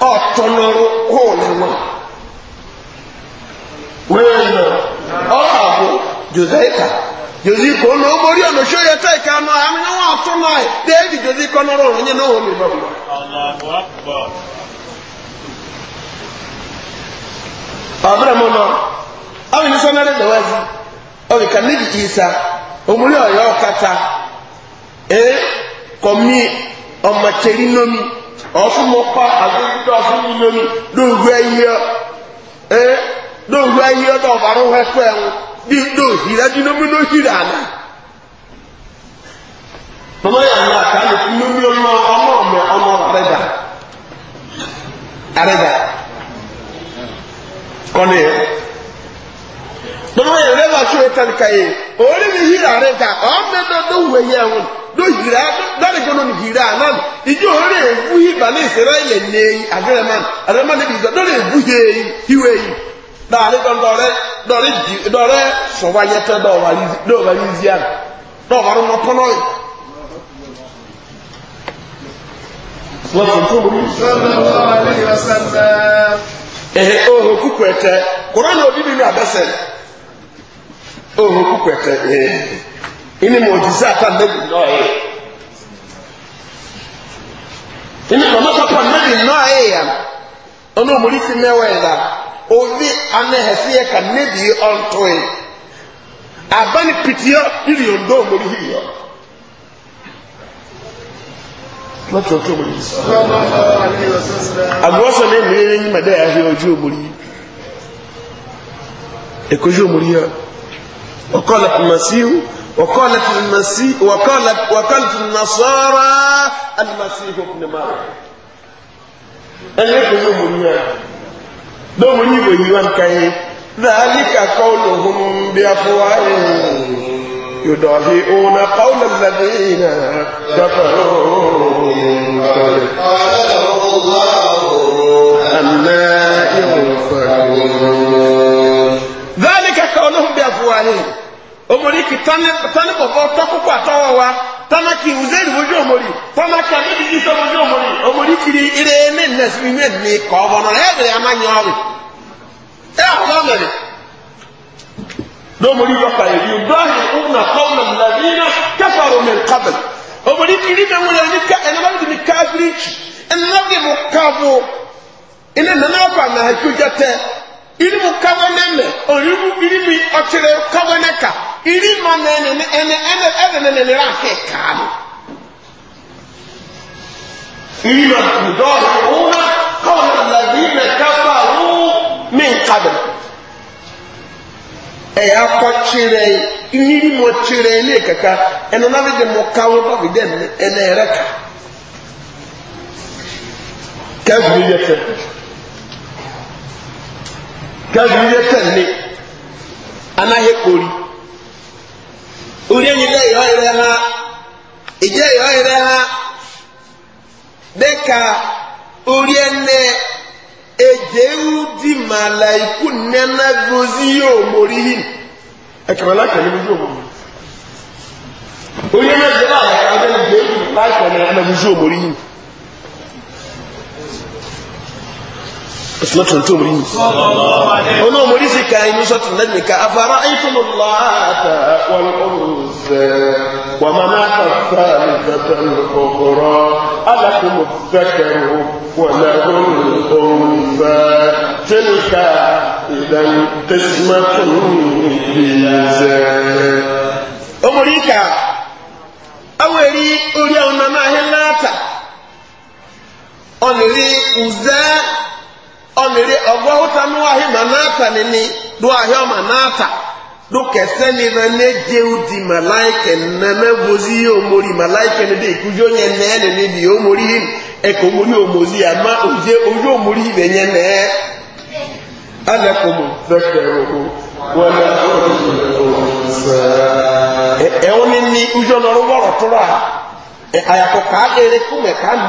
ọtọnọrọ hóòlù wọn wéèrè náà ọlọ́àbò jòzẹ́ìkà jòzìkò ó lọ́wọ́ borí ọ̀nà ṣó yẹ tẹ́ ìka náà àmì náà wọ́n àtọ́nà ẹ̀ déèdì jòzìkò nọ́rọ̀ òun yẹn náà wọ́n mi bọ̀ wọ́n. ọ̀bẹ̀rẹ̀ ọ̀fúnmọ́pá àgbégbé ọ̀fúnmọ́lẹ́nu lóògùn ẹyẹ ẹ lóògùn ẹyẹ ọ̀dọ̀ ọ̀bàrún ẹ̀kọ́ ẹ̀wọ̀n bí lóòhìrẹ́ bí lómi lóhìrẹ́ àná. mọ́mọ́ yà ń lọ àkàlù fún lómi ọmọ ọmọ ọmọ ọmọ àrẹ́dà àrẹ́dà kọ́ni yẹn. mọ́mọ́ yà ń lọ àkàlù fún lómi ọmọ ọmọ àrẹ́dà do hira dari gono ni hira nan ijo hore ewu yi bale israeli ne agreman agreman ne bizo dole ewu ye hiwe yi da ale don dore dore dore so wa yete do wa yi do wa yi zia do wa no kono yi sallallahu alaihi wasallam eh oh kukwete qur'an obi bi mi abese oh kukwete eh ini mujiza ata nabi nɔɔye ini mama papa nabi nɔɔye ya ɔno omori fi mɛwɛ la ovi ana hɛfiyɛ ka nabi ɔntoe abani pitiɛ iri ondo omori hi yɔ lọ́tọ̀ tó wọ́n yìí àgbọ́sọ̀ ní ìmìnirin yìí mẹ́dẹ́ àfihàn ojú òmùrí èkójú òmùrí yọ ọkọ̀ lọ́pọ̀ màsíhù وقالت المسيح وقالت وقالت النصارى المسيح ابن مريم أن ló mú ní ẹ̀ ló mú ذلك قولهم بأفواههم يضاهئون قول الذين كفروا قال له الله أنا يغفرون ذلك قولهم بأفواههم omoriki tani bɔbɔ tɔkoko atɔwɔ wa tamaki uzeri wojú omori tamaki abidigi sɔ wojú omori omori kiri ire ne nɛsiri ne ne kɔɔbɔ nɔ ɛyɛ ama nyɔɔri ɛ ɔlɔ mɛri n'omori bɔka yɛ yu bahi una kɔmna ladina kafaro min kabel omori kiri bɛ wuli ni ka ɛnɛma bi ni kafiri ɛnɛma bi mu kafo ɛnɛ nana fa na hajujɛ tɛ ilimu kawaneme olimu ilimi ɔkyerɛ kawaneka ilima nɛɛne ne ɛne ɛne ene ene ene ne ra hɛ kaa no ilima dɔɔni wuna kɔɔna ladi na kafa wu min kabiri ɛyɛ akɔkyerɛ ilimu kyerɛ ne kaka ɛna nabi de mo kawo babi dɛ ɛna ɛrɛ ka kɛfiri yɛ fɛ gazu yɛ tɛnne anayɛ kori uriɛnyi dɛ yɔ yɛrɛ ha idze yɔ yɛrɛ ha dɛ ka uriɛnɛ edzewu di malaiku nɛnɛ gozi yɛ omori yi ɛkɛmɛlɛ kɛlɛ bi yɛ omori uriɛnɛ dɛ la yɛ ka dɛ edzewu di malaiku nɛnɛ gozi yɛ omori yi. اسمه تنتو مريني أنا مريسي كاين صوت النجم كأفرأيتم اللات والأنثى ومناة الثالثة الأخرى ألكم الذكر وله الأنثى تلك إذا قسمة ضيزى أمريكا أولي أولي أولي أولي أولي أولي أولي ọ ọgbọ́húta ní wáhí mà náàtà na ata ọmọ náàtà na ní ụdị jéhùdì màláìkẹ̀ dị bozí omori màláìkẹ̀ níbi ìkújó yẹn nẹ́ẹ̀ níbi omori ma ẹ̀kọ́ omori omozi àmá ya ojú A ibẹ̀ yẹn nẹ́ẹ̀ alẹ́kùnmù fẹ́fẹ́ rògbò wọ́n lẹ́kùnmù ẹ̀wọ́n ní a, na.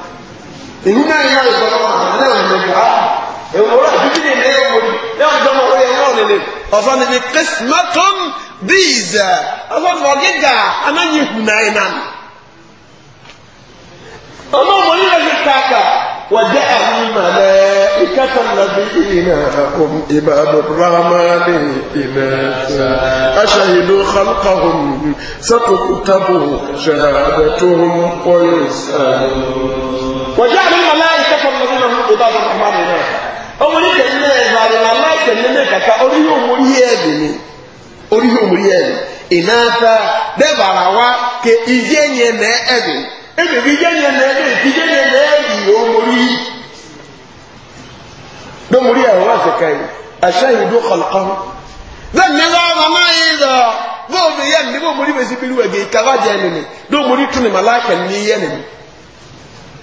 èyí náà yà ìgbọ̀nà ọ̀hún náà lè gbà á èwòrán àdúgbò ní ilé ìwòrán náà jọ mọ̀ wọ́n yẹn náà lè lè ọ̀sán níbi kìsìmọ́tún bíìzà ọ̀sán níbi ọ̀gígà anáyìnkù náà iná. ọmọ ọmọ yìí lọ́sí káàkà wà jẹ́ àwọn ìmàlẹ̀ ìkẹta nàbí iná ọm ìbá rahmani iná aṣahidu khalqahum sátòkútàbò ṣàhàdàtòhum wọ́n yóò sáré wọ́jà ní màmá ìtẹ́kọ̀ lọ́dún náà ń gbọdọ̀ àwọn ọmọ mi náà ọmọ ní kẹ̀lé náà ẹ̀ bá yẹn màmá ìkẹ̀lé náà kàkà orí yóò mórí ẹ̀ bì ní orí yóò mórí ẹ̀ bì ìnáta dẹ́bàrà wa kẹ ìjẹ́ yẹn nà ẹ̀ bì ebi bi ìjẹ́ yẹn nà ẹ̀ bì ìjẹ́ yẹn nà ẹ̀ bì yóò mórí dọ́mórí ẹ̀ wá sẹ̀ka yìí àṣà yìí dó kọ̀lọ̀kọ̀ bẹ́ẹ̀ ni wọ́n màmá yìí lọ bóòmù yẹn ni bóòmù rí ìkàwá jẹ́ ẹni ni dóòmù rí ní yẹn ni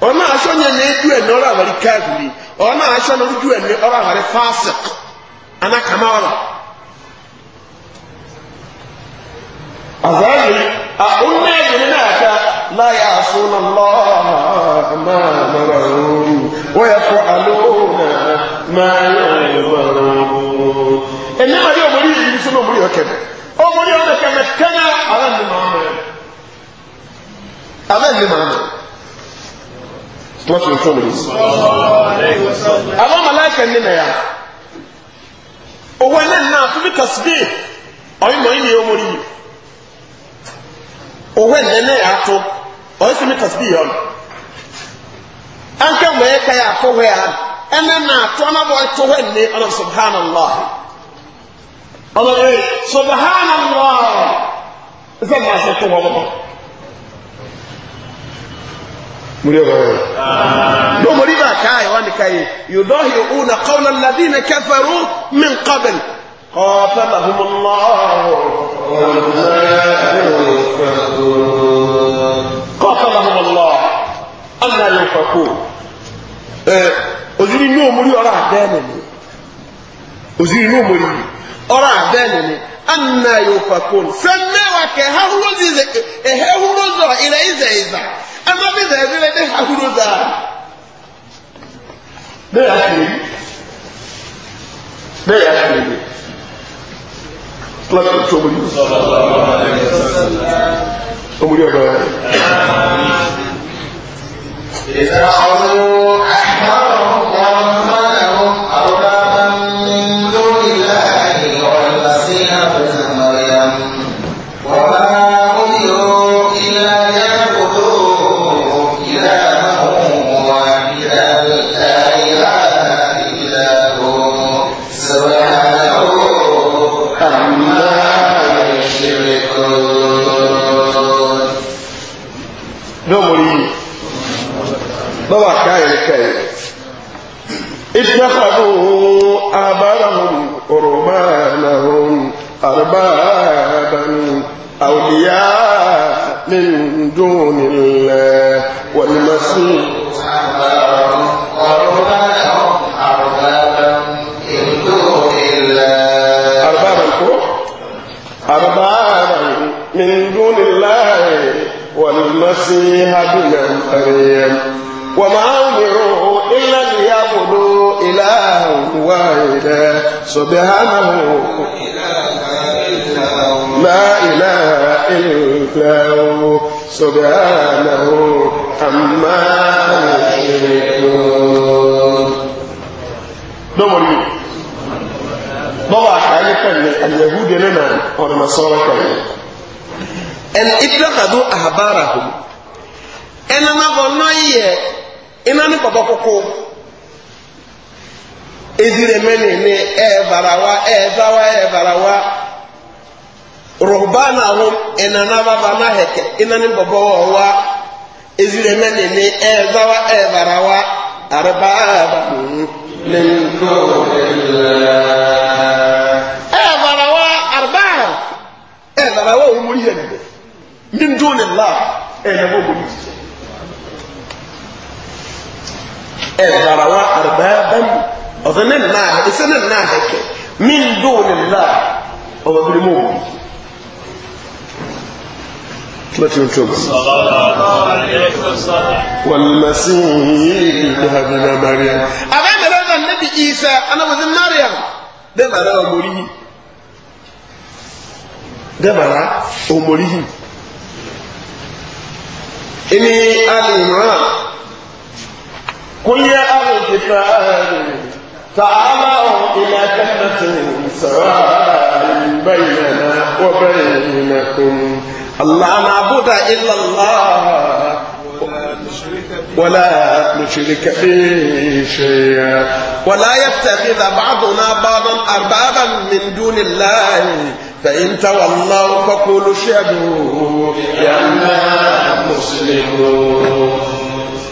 ọ aṣọ yẹn ní ju ẹ̀mí ọ̀rọ̀ àwárí káàkiri ọ̀nà aṣọ ní ju ẹ̀mí ọ̀rọ̀ àwárí fásik anakama ọ̀rọ̀. àzáyé ọ̀nà ẹ̀yìn náà ká láyé àṣùnà mara máa mọ̀rọ̀ òru wọ́n yẹ kó àlóòrùn máa yẹ mọ̀rọ̀ òru. ẹ̀mí wà ní ọmọdé wọ́n tún tún mọ̀lẹ́sì. àwọn màláìkà ní nà ya owó ẹni nà fún mi kàsíbí ọ̀yìn mọ̀ ìnìyẹ ọmọ yìí owó ẹni ẹni yà tó ọ̀yìn fún mi kàsíbí yọ̀ ọ́nà. ànkẹ́ wẹ́ẹ́ ká yà tó wẹ́ẹ́ à ẹni nà tó ọ̀nà bọ̀ tó wẹ́ẹ́ ní ọ̀nà subhanallah ọ̀nà ee eh, subhanallah ẹsẹ̀ máa ṣe tó wọ́n bọ̀. نمري آه. ذاك آية وانك يضاهئون قول الذين كفروا من قبل قاتلهم الله قاتلهم الله ألا ينفقون إيه، أزيري نمري أرى دانني أزيري نمري أرى دانني أنا ينفقون سنوك هرزي هرزي إلى إذا إذا ɛmɛ bi dɛ ɛdi lɛ ne ahuro zaa ne yà fi ebi ne yà fi ebi lọ́sọ̀ tó omi omi yóò dọ̀ ẹ́. إذا عمروا اتخذوا آبارهم قربانهم أربابا أولياء من دون الله والمسيح أربابا من دون الله والمسيح بن مريم وما أمروا إله واحد سبحانه لا إله إلا هو سبحانه عما يشركون bọ́wọ́ àkàrí pẹ̀lú àyẹ̀húdé nínà ọ̀rọ̀ masọ́rọ̀ pẹ̀lú ẹni ìpínlẹ̀kàdó àhàbára hù ẹnana bọ̀ náà yẹ iná ní pọ̀pọ̀ kókó ezire menene ebarawa ezawa ebarawa rubana hum inanaba bana heke inani bobowa wa ezire menene ezawa ebarawa arbaba min ebarawa arbaba ebarawa umuriye ne min dunillah enabo umuriye ebarawa arbaba ọ̀sán náà ẹsẹ̀ náà náà ẹ̀kẹ́ mí ń dùn ní nílá ọba bí mo wù tí wọ́n ti ń tó bọ̀. wọ́n lè sí ìdáhàbí náà mariam. àbẹ́ mẹ́rẹ́ náà níbi ìsẹ̀ anáwọ̀sí mariam bẹ́ẹ̀ bàrà ọmọrí yìí bẹ́ẹ̀ bàrà ọmọrí yìí. إني آل عمران قل يا أهل الكتاب تعالوا إلى كلمة سواء بيننا وبينكم الله نعبد إلا الله ولا نشرك به شيئا ولا يتخذ بعضنا بعضا أربابا من دون الله فإن تولوا فقولوا اشهدوا بأننا مسلمون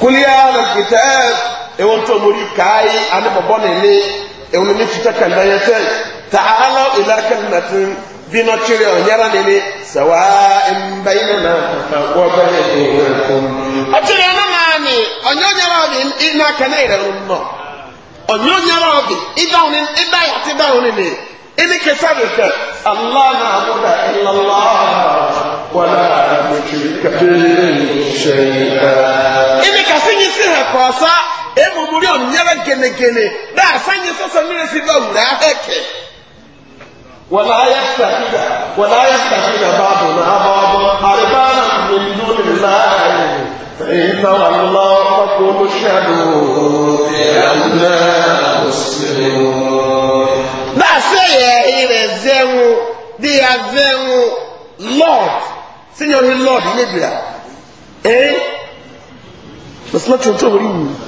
قل يا أهل الكتاب ewon to mori kai ani bobo ne le ewon ni fita kan da yete ta'ala ila kalimatin bino chire on yara ne ne sawa'in bainana wa bainakum atire na mani onyo nyara bi ina kan ire no onyo nyara bi ida onin ida ya ti da onin ne ini ke sabe ka allah na abuda illa allah wa la nushrika bihi shay'a ini ka sinyi sihe kosa emu onyere genegene na asanye sasa mmiri si ba wuru aheke wala ya tafiya wala ya tafiya babu na ababu aribana min dunin lahi fa'inna wallahu fakulu shadu ya na muslimun na se ire zenwu di ya zenwu lord senior lord nibira eh Let's not talk about you.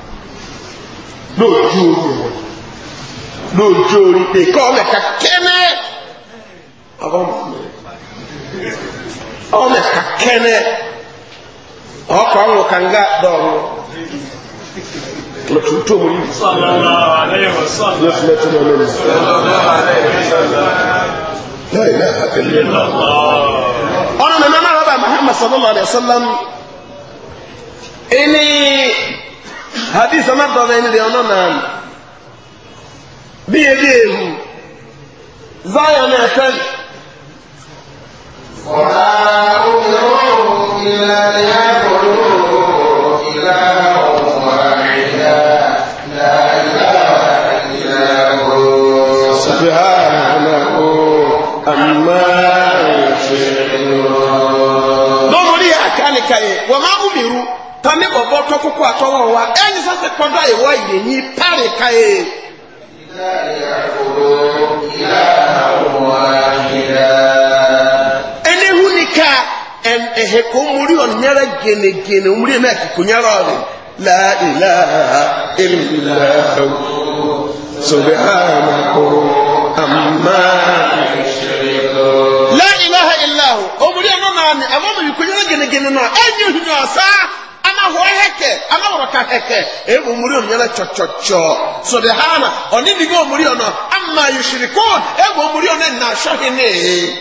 lójú orí wọn lójú orí tè kọ́ mẹ́ta kẹ́nẹ́ ọmọ mẹ́ta kẹ́nẹ́ ọkọ̀ ọ̀hún kànga dọ̀ọ̀rọ̀ lọ́tún tó mú yìí lọ́tún tó mú yìí ọ̀nà mẹ́ta náà rọ́bà muhammad sallallahu alayhi wa hadith ọmọ dọ̀dọ̀ ẹni rẹ̀ ọ̀nà náà bí ebi ehu zion fm. وما أمروا tani bɔbɔ tɔkoko atɔwɔ wa ɛni sase kɔdɔ yi nyi pari ka ye. ɛni huni ka ɛhɛ ko muri ɔn nyɛrɛ genegene muri mɛ kiko nyɛrɛ ɔri la ha illahu subhanahu amma la ilaha mi kiko nyɛrɛ genegene na huni ana hɔ hɛkɛ ana wɔrɔ ka hɛkɛ ebi omuri omi yɛlɛ tsɔtsɔtsɔ sɔdehana ɔni bi bi omuri ɔnɔ ama yusirikon ebi omuri ɔnɛ na sɔhi ne ye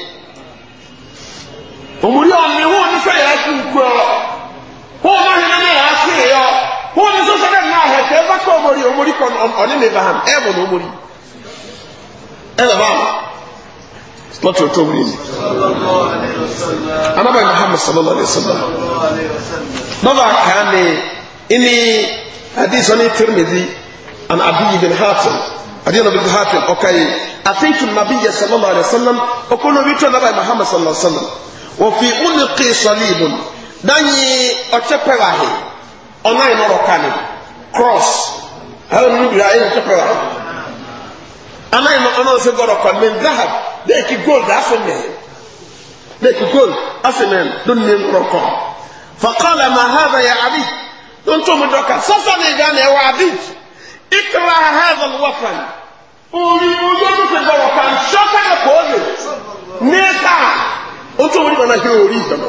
omuri ɔni wo ni sɔ yɛ asi nkɔ wo ma hɛnɛ ne yɛ asi yɔ wo ni sɔ sɔdɛ na hɛkɛ eba kɔ omuri omuri kɔ ɔni ne ba hama ɛbɔ na omuri ɛbɛ ba hama lọ́tọ̀ tó wúlò yìí. anábàá muhammed sallallahu alayhi wa sallam. baba kame ini hadith tirmidhi an hatim hadith ibn hatim okay ataitu nabiy sallallahu alaihi wasallam okono vitu nabi muhammad sallallahu alaihi wasallam wa fi ulqi salibun danyi ochepewahi onai norokani cross hayo ni bila ayi ochepewahi anai ono se goro kwa min dhahab deki gold asemen deki gold asemen don nem فقال ما هذا يا عبيد أنتم دوكا سسني جان يا عبيد اقرأ هذا الوطن أولي أولي في الوطن شكا كولي نيكا أنتم أولي أنا هي أولي دم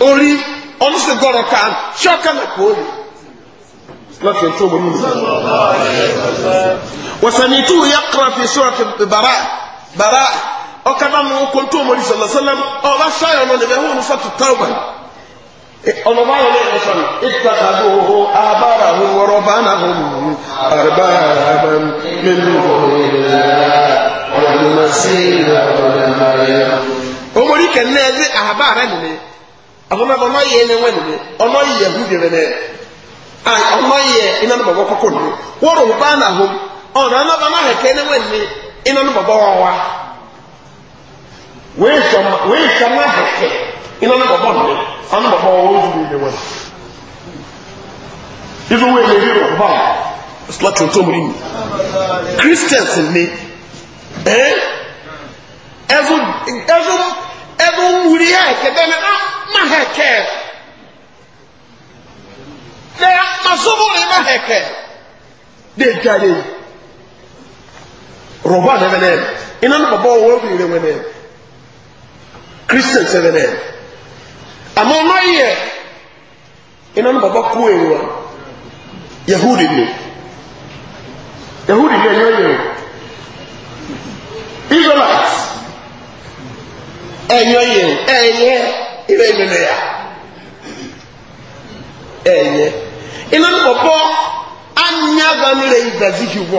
أولي أولي في الوطن شكرا كولي لكن أنتم أولي وسميته يقرأ في سورة براء براء ọkaba ụkwụ nke omori sọlọ sọlọm ọba sọyọ nọ níbẹ hóun sọtù tọwba ọmọ bá ahụ omori ya ahaba ara kọkọ wọrọ wéyìí sàmà hẹ̀kẹ́ iná ní bàbá mi àná bàbá wọn wọ́n dúró ilé wọn. ibi wo ilé rí bàbá láti ọ̀tọ́ mi nìyí christians ni ẹ ẹfún ẹfún ẹfún wúri hẹ̀kẹ́ bẹ́ẹ̀ ni á má hẹ̀kẹ́ bẹ́ẹ̀ má sọ́mọ́rì má hẹ̀kẹ́ dé jáde rọ̀bà nẹ́fẹ̀ẹ́ iná ní bàbá wọn wọ́n dúró ilé wọn nìyí kristian sɛbɛn dɛ àmọ́ ọmọ yẹ iná ní bàbá kú ewu a yahudi ni yahudi ni ẹni ọyẹ o israelite ẹni ọyẹ ẹyẹ ilé ìmìnira ya ẹyẹ iná ní bàbá anyagbanilẹ ìdazí yìí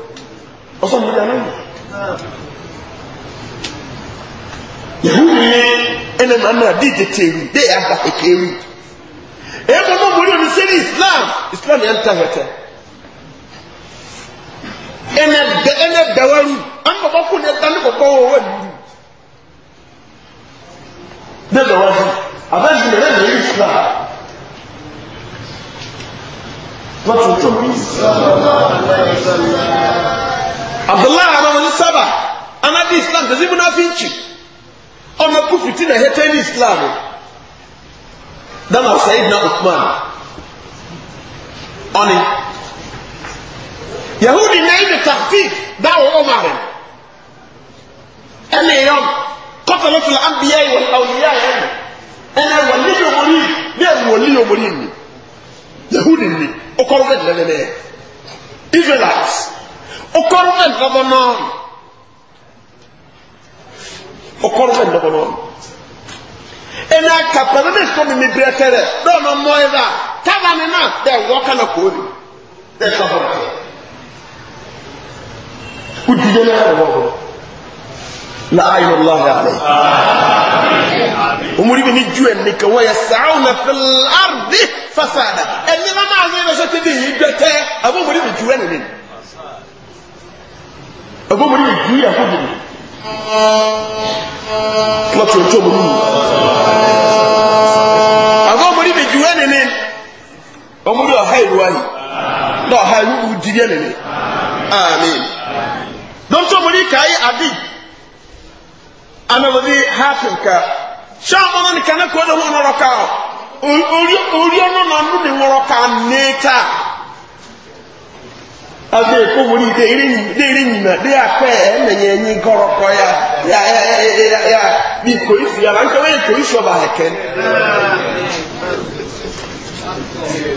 ọsán mi dáná yìí yahoo ɛna nana adi geteewi de aba kekeewi ɛyɛ bɔ mɔmɔri oni sɛ ni islam islam yɛn ta hɛtɛ ɛna bɛ ɛna bɛwɛru ama bɔ ko ne dani kɔkɔ wɔ wɔ nuru ne bɛwɛru abɛnti ne yɛn yɛ islam wọ́n tuntun mi abdullahi abamani saba anadi islam tẹsí mu náà fi ń kyi ọmọ kúfù tí na hẹtẹ ní islam dana sayid na ukman ọni yahudi náà ibi tafik dáwọ ọmọ rẹ ẹnna yẹn kọtọlọtọlọ anbiya yi wọn awuliya yẹn ẹnna wọlé yomori ní ẹnu wọlé yomori ni yahudi ni ọkọ wọn bẹ israelites ukɔrɔbɛ dɔbɔ nɔɔn ukɔrɔbɛ dɔbɔ nɔɔn ɛnna kapɛlɛ ne sɔmi mi bɛrɛ tɛrɛ dɔɔnɔ mɔɛ la taba ne na dɛ wɔ kana kooli dɛ sɔfɔlɔ kɛ u didi ne yɛrɛ wɔɔrɔ la ayi wa lahi ale umuri bi ni ju ɛ nika ya saawu na fil fasada ɛ nima maa yi sɔ ti di yi bɛ tɛ a b'o umuri bi ju ɛ nini agbóhùn yìí ju yà kó dùn láti ọjọ́ mọ̀ nínú àwọn ọmọ yìí ju yà nìní ọmọ yìí ọ̀há ìlú ayé náà ọ̀há ìlú di yà nìní amen dọ́tọ́ mọ̀ yìí káyé àdì anáwọ̀dì hafin ká ṣé àwọn na nìkan náà kọ́ ọ́ lọ́wọ́ ọ̀nà ọ̀rọ̀ ká na ọ̀nà náà nínú ìwọ̀rọ̀ ká ní ta abe ekowuli de iri de iri nyina de akpɛ ɛmɛnyɛ nyi kɔrɔkɔ ya ya ya ya ya bi kori fi ala nkɛ wɔyɛ kori fi ɔba hɛkɛ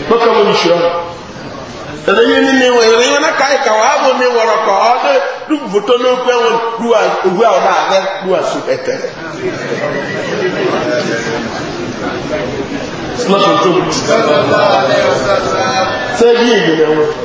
bɔtɔ mo nsuo ɛnɛ yɛ ni ne wɔ ɛnɛ yɛ n'aka yi ka wɔ abo ne wɔrɔkɔ ɔde du voto ne okpe wɔ du a owu a ɔba avɛ du a su ɛtɛ sinasi o tobi sɛ bi eyi na wɔn.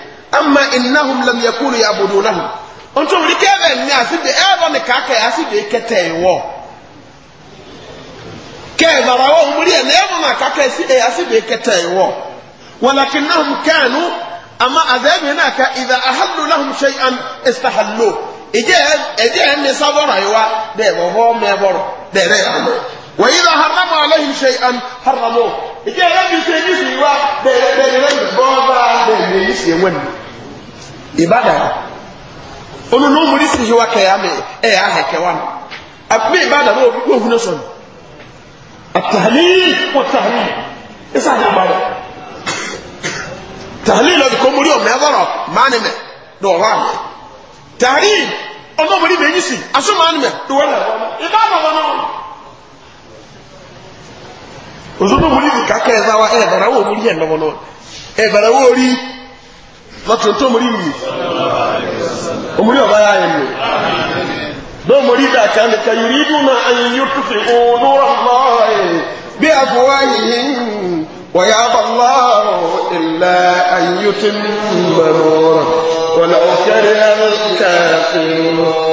ama innahum lam yakunu yabudunahum nti wòle kẹfẹ ní asi de ẹ bọ ní kàkẹ asi de kẹtẹ wọ kẹfẹ wà wọ wòle yẹn ẹ bọ ní kàkẹ asi de kẹtẹ wọ walakinnahum kanu ama azẹbi náà ka ìdá ahalu lahum shay'an istahalo ìjẹ ẹjẹ ẹ ní sábọrọ yìí wa dẹ bọ họ mẹ bọrọ dẹ dẹ yà mọ wọ́n yìí haramu alayhim shay'an si enwe mu ibada onu na omuri si hiwa kɛya mi ɛyɛ ahɛ kɛwa no afi ibada na obi ohun so no atahali wɔ tahali esa ahɛ ibada tahali lɔri ko omuri ɔmɛ ɛbɔrɔ maa ni mɛ na ɔwɔ amɛ tahali ɔmɔ omuri mɛ enyi si aso maa ni mɛ na ɔwɔ amɛ ibada wɔ no ozo na omuri di kaka ɛza wa ɛyɛ bara wɔ omuri yɛ nɔbɔ no ɛbara wɔ ori lọ́tún tó mọ̀rí mi omori ọba ya yẹn mi náà mọ̀rí dà kan ní ka yorì dùn náà ayé yóò tufi òun lóra mọ́ ẹ bí àfọwọ́ yìí ويأبى الله إلا أن يتم نوره ولو كره الكافرون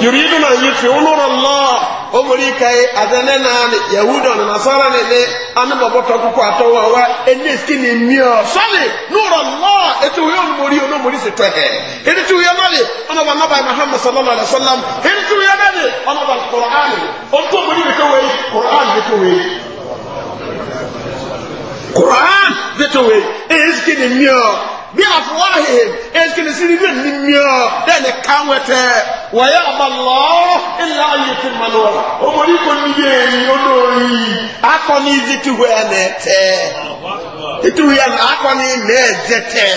يريدون أن يطفئوا نور الله omori kai adane nani yahuda na nasara ne ne anu babo toku ko atowa wa ene skini mio sali nuru allah etu yo omori ono omori se tehe ene tu yo nani ono ba nabai muhammad sallallahu alaihi wasallam ene tu yo nani ono ba qur'an onto omori ko we qur'an ko we Quran that way is getting the mirror bí àfọwọ́hìn ẹ̀ṣin sí rí ní mìíràn dẹ́ni káwẹ́tẹ́ wọ̀nyẹ́ àbàlọ́ ńlá ayé ti mà lọ́wọ́ ọmọdé kò ní yé ẹ̀yìn olórí akọni ìdítiwẹ̀ ẹ̀nà ẹ̀tẹ́ ìdítiwẹ̀ ẹ̀nà akọni ìmẹ̀ ẹ̀jẹ̀ tẹ̀.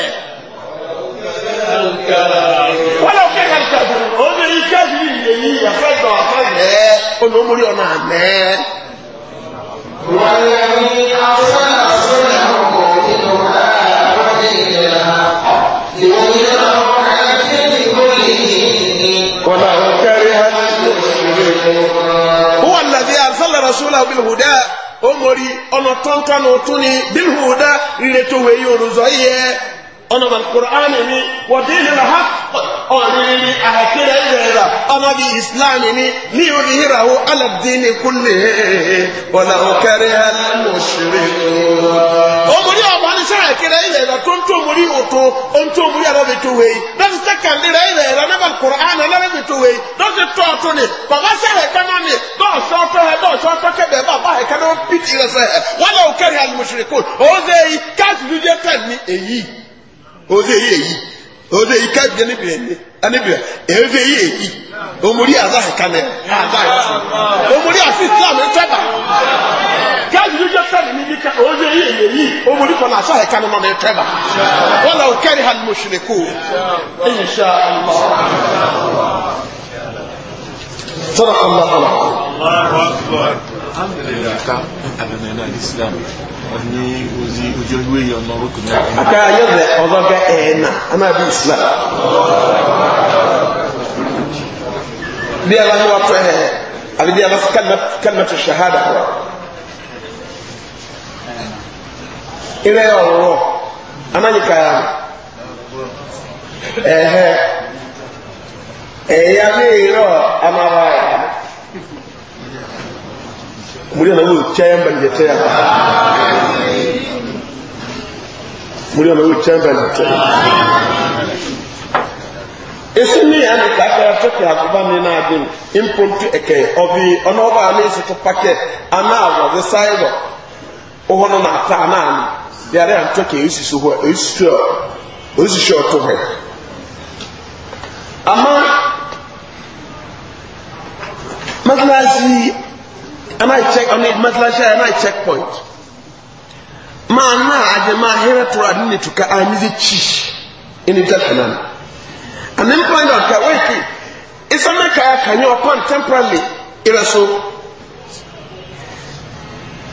wọ́n lọ kí ẹ̀ka ìkàdé ọ̀nà ìkàdé ìyẹ̀yìn ẹ̀fẹ́ gbọ̀ ọ̀fẹ́ rẹ̀ ọ̀nà ọmọdé ọ̀nà àmẹ́. wọ́n lẹ́yìn àwọn rasúlà bilhuda omori ọ̀nà tọ́ntọ́nù tún ni bilhuda rírẹ tó wẹ̀ yóò rúzọ yẹ ọ̀nà alukur'an ni wọ́dínì laha ọ̀rìn ni àhàkìrẹ́ ìrẹ̀rà ọmọ bíi islam ni ní orí ìràwọ̀ aládìní kúlẹ̀ wọ́n làwọn kẹrẹ́ alẹ́ mọ̀ṣẹ́rẹ́ wọn muri oto onto muri aba beto we don se kan dire ire ra na ba qur'an na ba beto we don se to to ni ba ba se he kana ni do so to he do so to ke be ba ba he kana piti re se wala o kari al mushrikun o ze yi kas du je tan ni eyi o ze yi eyi o ze yi kas je ni bi ni ani bi e ze yi eyi o muri aba he kana aba o asi islam e teba gáàsì yíyọ sẹ́ni níbi ká oyè yìí èyí omori kan náà sáyẹ kánú náà ẹ̀tẹ́ bá wọn náà kẹ́rì hàn mo ṣe lè kó insha Allah. sọ́dọ̀ kan bá kọ́ ní ozi ojú ìwé yìí ọ̀nà orúkọ náà. akáyà yóò bẹ ọzọ gẹ ẹ̀ẹ́nà anábì islam. bí ẹ bá ní wàá tọ́ ẹ̀ àbí bí ẹ bá kálmẹ̀tì ṣahada kọ́. ilé ọ̀rọ̀ amáyíká ẹ̀hẹ́ ẹ̀yà ní ìrọ̀ amára ẹ̀ múlẹ̀ náà wọ́n tẹ́ ẹ̀mbà ní jẹ́tẹ́ ẹ̀mbà múlẹ̀ náà wọ́n tẹ́ ẹ̀mbà ní jẹ́tẹ́ esi ni ya ni kakra tɔkɛ mi na adi mu ɛkɛ ɔbi ɔnɔba ale soto pakɛ ana awɔde saibɔ ɔhɔ no na ata ana yàrá yà ntọ́ kẹ́ èsì so hɔ èsì so a èsì so ɔtɔ hɔ ama masalasi anayi check ɔne masalasi ayi anayi check point maa naa adi to hɛrɛ toro to. ne tuka a nyize kyi ɛni da kanan ani mpa yi na ɔka wɛki esan mɛka aka nye ɔkɔ ntemporally ɛrɛ so.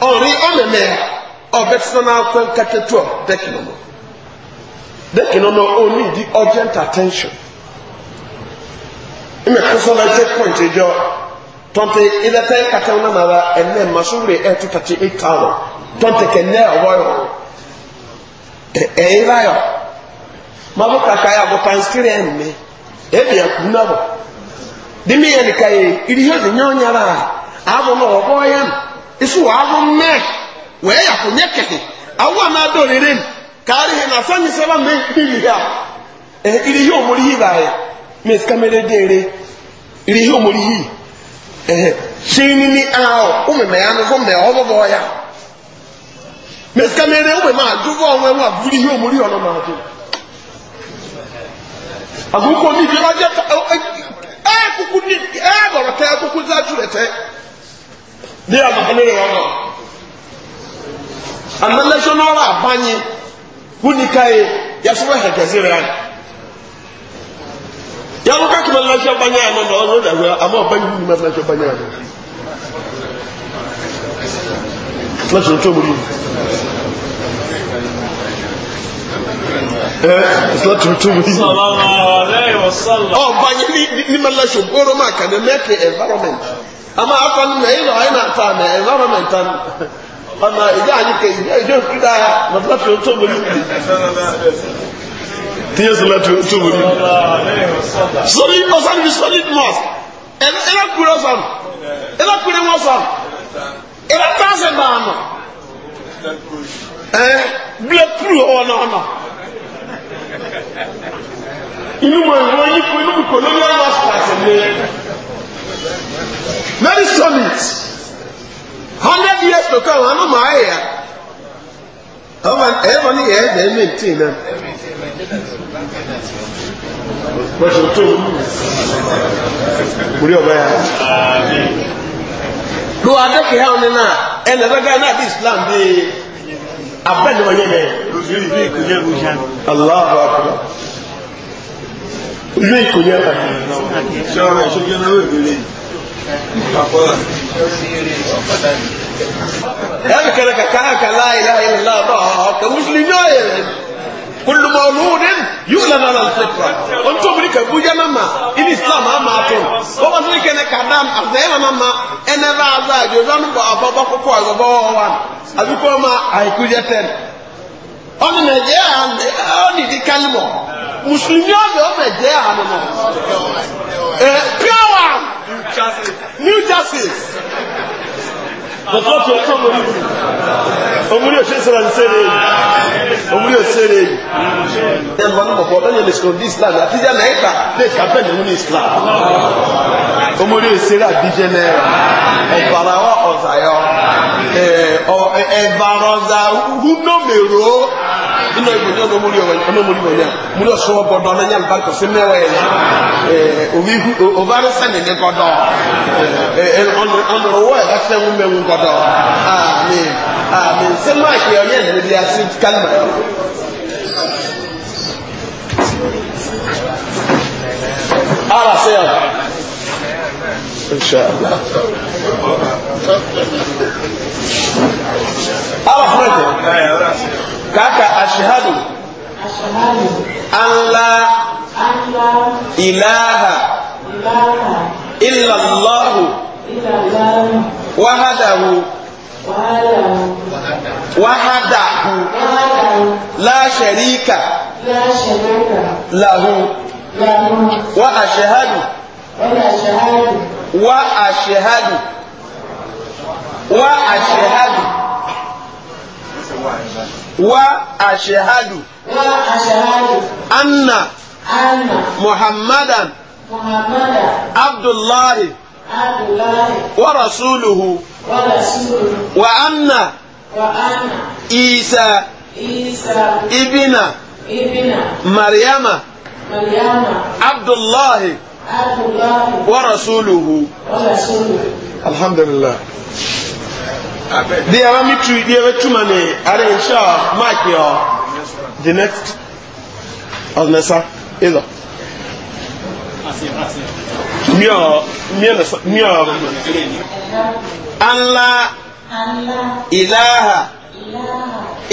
ɔre ɔmɛmɛ ɔbɛtena n'akɔ nkaketewa dɛki no no dɛki no no di urgent attention ime koso na point ɛdzɔ tɔnte ɛdɛtɛ nkata na ma ba ɛnɛ e, e, ma so wuli ɛtu ya ɛta wɔ tɔnte kɛnɛ ɔwɔ yɔ ɛyɛ la yɔ ma bɔ kaka ya bụ pansikiri ɛnɛ ɛdi ɛkunu na bɔ Dị yɛ nika yɛ irihɛ di nyɔnyara abɔ na ɔbɔ isu wa aho mek wee ya ko nye kehe awu ana ado rere ni kaari he na sanyi seba me biri ya eh iri hi omori hi baaye me kamere dere iri hi omori hi eh shini ni ao ume me anu zo me obo bo ya me kamere ume ma adu onwe wa buri hi omori ono ma adu agun ko ni bi wa je eh kuku ni eh boro te kuku za jure bí a máa lórí wọn náà àmọ́ national abanyi wúnika yìí yasọ́wọ́ ẹ̀kẹ́sì rẹ̀ yàwó kákìmọ̀ national abanyi àmọ́ náà ọ̀rọ̀ dàgbẹ́ àmọ́ abanyi wúni mọ́ national abanyi àmọ́ lọ́sọ̀ tó múlí ọ̀bànyẹ́ ní mẹ́lẹ́sọ̀ gbọ́rọ̀ máa kàdé mẹ́kẹ̀ environment ama afa ni na ilo aina ta na environment an ama ija ayi ke ija ijo kuda ya matla fi oto mo ni tiye sala fi oto mo ni solid osan bi solid mosque ele ele kuro san ele kure mo san ele ta se ba no eh ble pru ona inu mo ro yi ko inu ko lo lo masters ni very solid hundred years to come àánú màá yẹ ọmọ ẹ̀rọ ni yẹ ẹ̀dẹ̀ maintain náà. Pẹ̀sùn tó wù orí ọba yà. Lo adéke ha ọ̀nẹ́ náà ẹnlẹ́ bẹ́ẹ̀ bẹ́ẹ̀ náà bí Islam bí abẹ́ni wọ̀nyẹ́ dẹ̀. Aláàbò àkùrọ̀. Ilé ìkòyẹ́ bàtà. Ṣé ọ̀rọ̀ ìṣèjọba náà wẹ̀ lórí yìí? هذا كذا كعاك لا إله إلا الله الله كمسلم يا كل مولود يولد على الفطرة أنتم بريك بوجا ماما إن إسلام أما أتون وما سنك أنا كدام أزاي ماما أنا رازا جوزان بابا بابا كوا بابا وان أذكر ما أيكوجا تن أنا نجى أنا دي كلمة مسلم يا أنا نجى أنا اه كوا New Jersey. New Jersey. Bọ̀tọ́ tí ó tọ́ mọ́ nínú. Omúrí òṣèré sọ́rọ̀ ní sẹ́rẹ̀ èyí. Omúrí òṣèré èyí. Ẹnu wọn mọ̀ pọ̀ ọ̀dọ́ yẹn lè sọ̀rọ̀ ní Islam àti ìjẹ́ lẹ́ẹ̀ka lè kà bẹ́ẹ̀ lẹ́wọ́n ní Islam. Omúrí òṣèré àbíjẹ́ náà ọ̀bàrà wọn ọ̀sàyọ ina ibo ni ono muri owa ono muri owa muri oso godo na nyal banko se mewa ye eh obi ovare se ne godo eh ono ono rowa ka se mu me godo amen amen se ma ke o ye ne bi asit kalma ara se ya inshallah ara frente kaka ashhadu an la ilaha illa allah wahdahu wahdahu la sharika lahu wa ashhadu wa ashhadu wa ashhadu وأشهد وأشهد أن أن محمدا محمدا عبد الله عبد الله ورسوله ورسوله وأن وأن عيسى عيسى ابن ابن مريم مريم عبد الله عبد الله ورسوله ورسوله الحمد لله The are the to they are too many. Mike? Your the next of Nessa either. Mio, mio, mio. Allah, ilaha,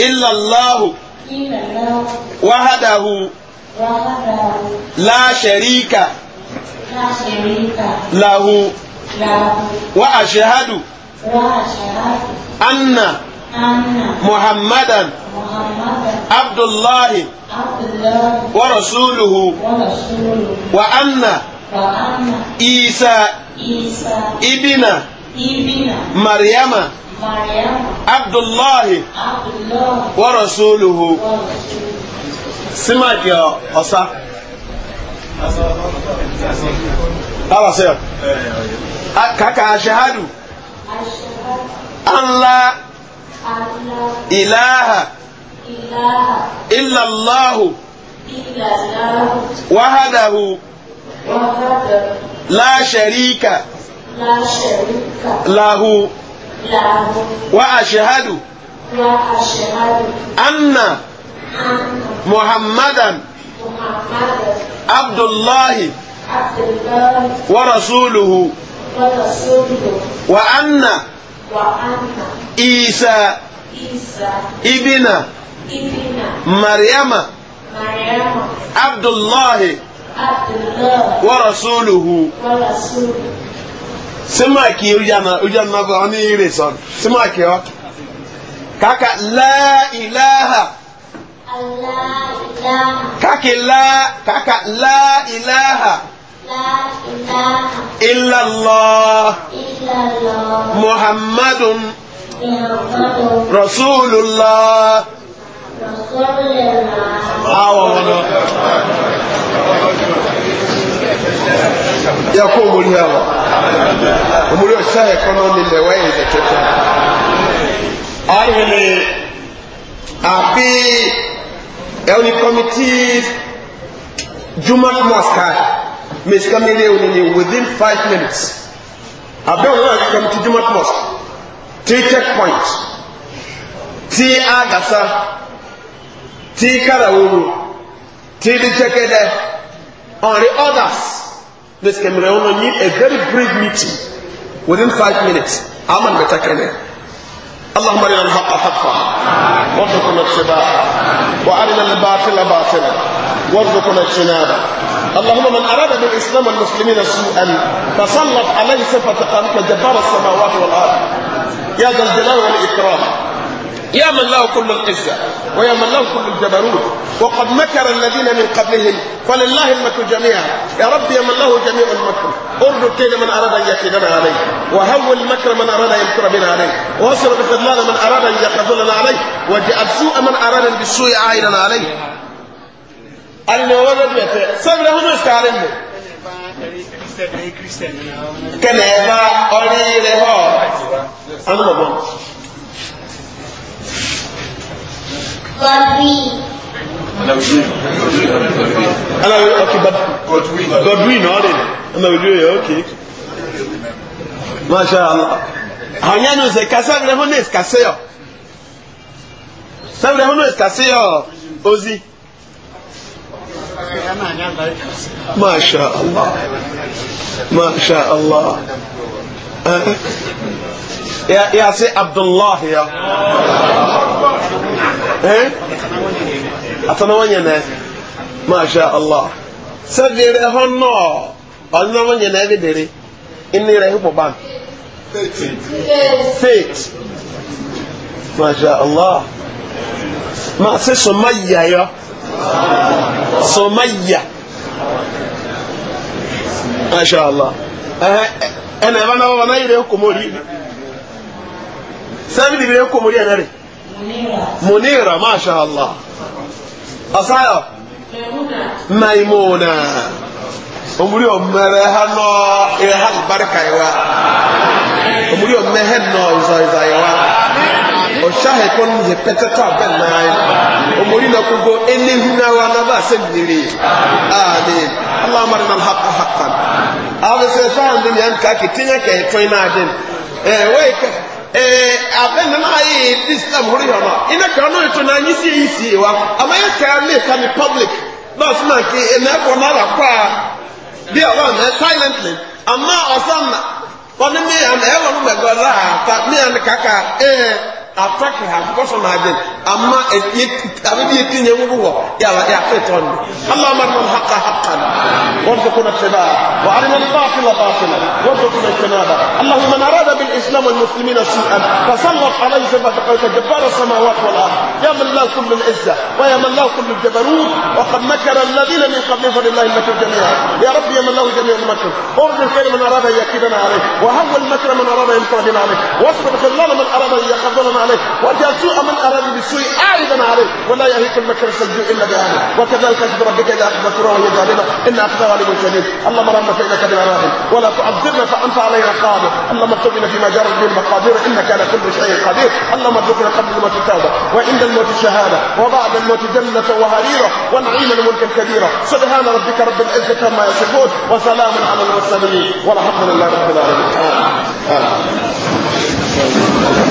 illallahu, wahadahu, la sharika, lahu, wa ashhadu. أن محمدا عبد الله ورسوله وأن عيسى ابن مريم عبد الله ورسوله سمعت يا أصح هذا سير كاكا شهادو الله إله إلا الله وحده لا شريك له وأشهد أن محمدا عبد الله ورسوله wa anna isa ibina maryama abdullahi wa rasuluhu simaki ojana ba oni ire son simaki o kaka la ilaha kaka la kaka la ilaha إلا الله محمد رسول الله yakó omori yà wà omori ọ̀sá ẹ̀kọ́ náà ni lẹ̀wọ́ ẹ̀yìn tẹ̀tẹ̀tẹ̀ arìnrìn àbí ẹ̀wọ̀n ni committee jumat mosque mesika mmiri ewu ni within five minutes abẹ́wò náà ti kàn ti jimot mosque ti checkpoint ti agasa ti karaworo ti di chekedɛ on the others mesika mmiri ewu ni a very brief meeting within five minutes aman bɛ chekedɛ. اللهم ارنا الحق حقا وارزقنا اتباعه وارنا الباطل باطلا وارزقنا اجتنابه اللهم من أراد بالإسلام والمسلمين سوءا فسلط عليه صفة خالق جبار السماوات والأرض يا ذا الجلال والإكرام يا من له كل العزة ويا من له كل الجبروت وقد مكر الذين من قبلهم فلله المكر جميعا يا رب يا من له جميع المكر ارجو كيد من أراد أن يكيدنا عليه وهول مكر من أراد أن يمكر بنا عليه واصرف الخذلان من أراد أن يخذلنا عليه واجعل سوء من أراد بالسوء عائلا عليه alimọ̀wọ́ bẹ́ẹ̀ bẹ́ẹ̀ tẹ́ sẹ́mi lẹ́hún ní ìsìkà rẹ̀ mọ̀. kẹ́nẹ̀ ẹ̀ bá ọrí rẹ̀ họ anu bọ̀ bọ̀. Godwin. Alawi ok Godwin Godwin ọ̀rẹ́ ẹ̀ma ìlú yẹ ok. Masha Allah. Hanyanu sẹ kasa bi lẹ́hún ní ìsìkà sẹ́yọ̀. Sẹ́mi lẹ́hún ní ìsìkà sẹ́yọ̀ ozi. ما شاء الله ما شاء الله يا يا سي عبد الله يا ايه انا ما شاء الله سدير هنو ọlọ́wọ́nyẹ náà انا dèrè اني rẹ̀ hípò bá faith masha allah ma ṣe sọ ma يا Sumayya masha Allah ɛna eh, eh, ɛba na wɔn ayi de ekomori sɛbi de bi ekomori yɛn de munira masha Allah asayɔ maimuna omuri ɔmɛrɛ ha nɔ ɛha barika yi wa omuri ɔmɛ hɛ nɔ izɔ yi wa. ọ̀ṣáhẹ̀ kọ́ ní yẹ pẹ́tẹ́tọ́ àbẹ́ náà ọmọrí náà gbogbo eléhu náà wà náà bá ṣe nìyẹrẹ ààrẹ aláàmàrin náà hàpà hàpà àwọn ṣe sáà ní yẹn ká kì tíyẹn kẹ ẹ̀ tọ́yìn náà dẹ́n ẹ̀ wọ́n yìí kẹ́ ẹ̀ abẹ́ nínú ayé na wa public e, silently wọn mi mi atake ha bɔsɔ n'adze ama ebie abe bi eti nye ŋubu wɔ yala yafe tɔn do ala ma nɔ haka haka ni wɔn ko na tɛnɛ wa ali na baafi la baafi la wɔn ko na tɛnɛ ba alahu ma nara da bil islam wa muslimi na sun an fa sallɔ ala yi sɛba ta kawta jabara sama wa kola ya man la kullu izza wa ya man la kullu jabarut wa qad makara alladhina min qabli fa lillahi al-makru jami'a ya rabbi ya man lahu jami'a al-makr urdu al-khayr man arada yakidana alayh wa hawwa al-makra man arada yamkuru alayh wasbir khillana man arada yakhadhana عليه واجعل سوء من أراد بالسوء عائدا عليه ولا يهيك المكر السجوء إلا بهذا وكذلك أجد ربك إذا أخذت رواه يجعلنا إن أخذها لمن شديد اللهم رحمة فإنك بنا ولا تعذبنا فأنت علينا قادر اللهم اتقنا فيما جرت من المقادير إنك على كل شيء قدير اللهم ارزقنا قبل الموت التوبة وعند الموت الشهادة وبعد الموت جنة وهريرة ونعيما ملكا كبيرا سبحان ربك رب العزة كما يصفون وسلام على المرسلين والحمد لله رب العالمين Thank you.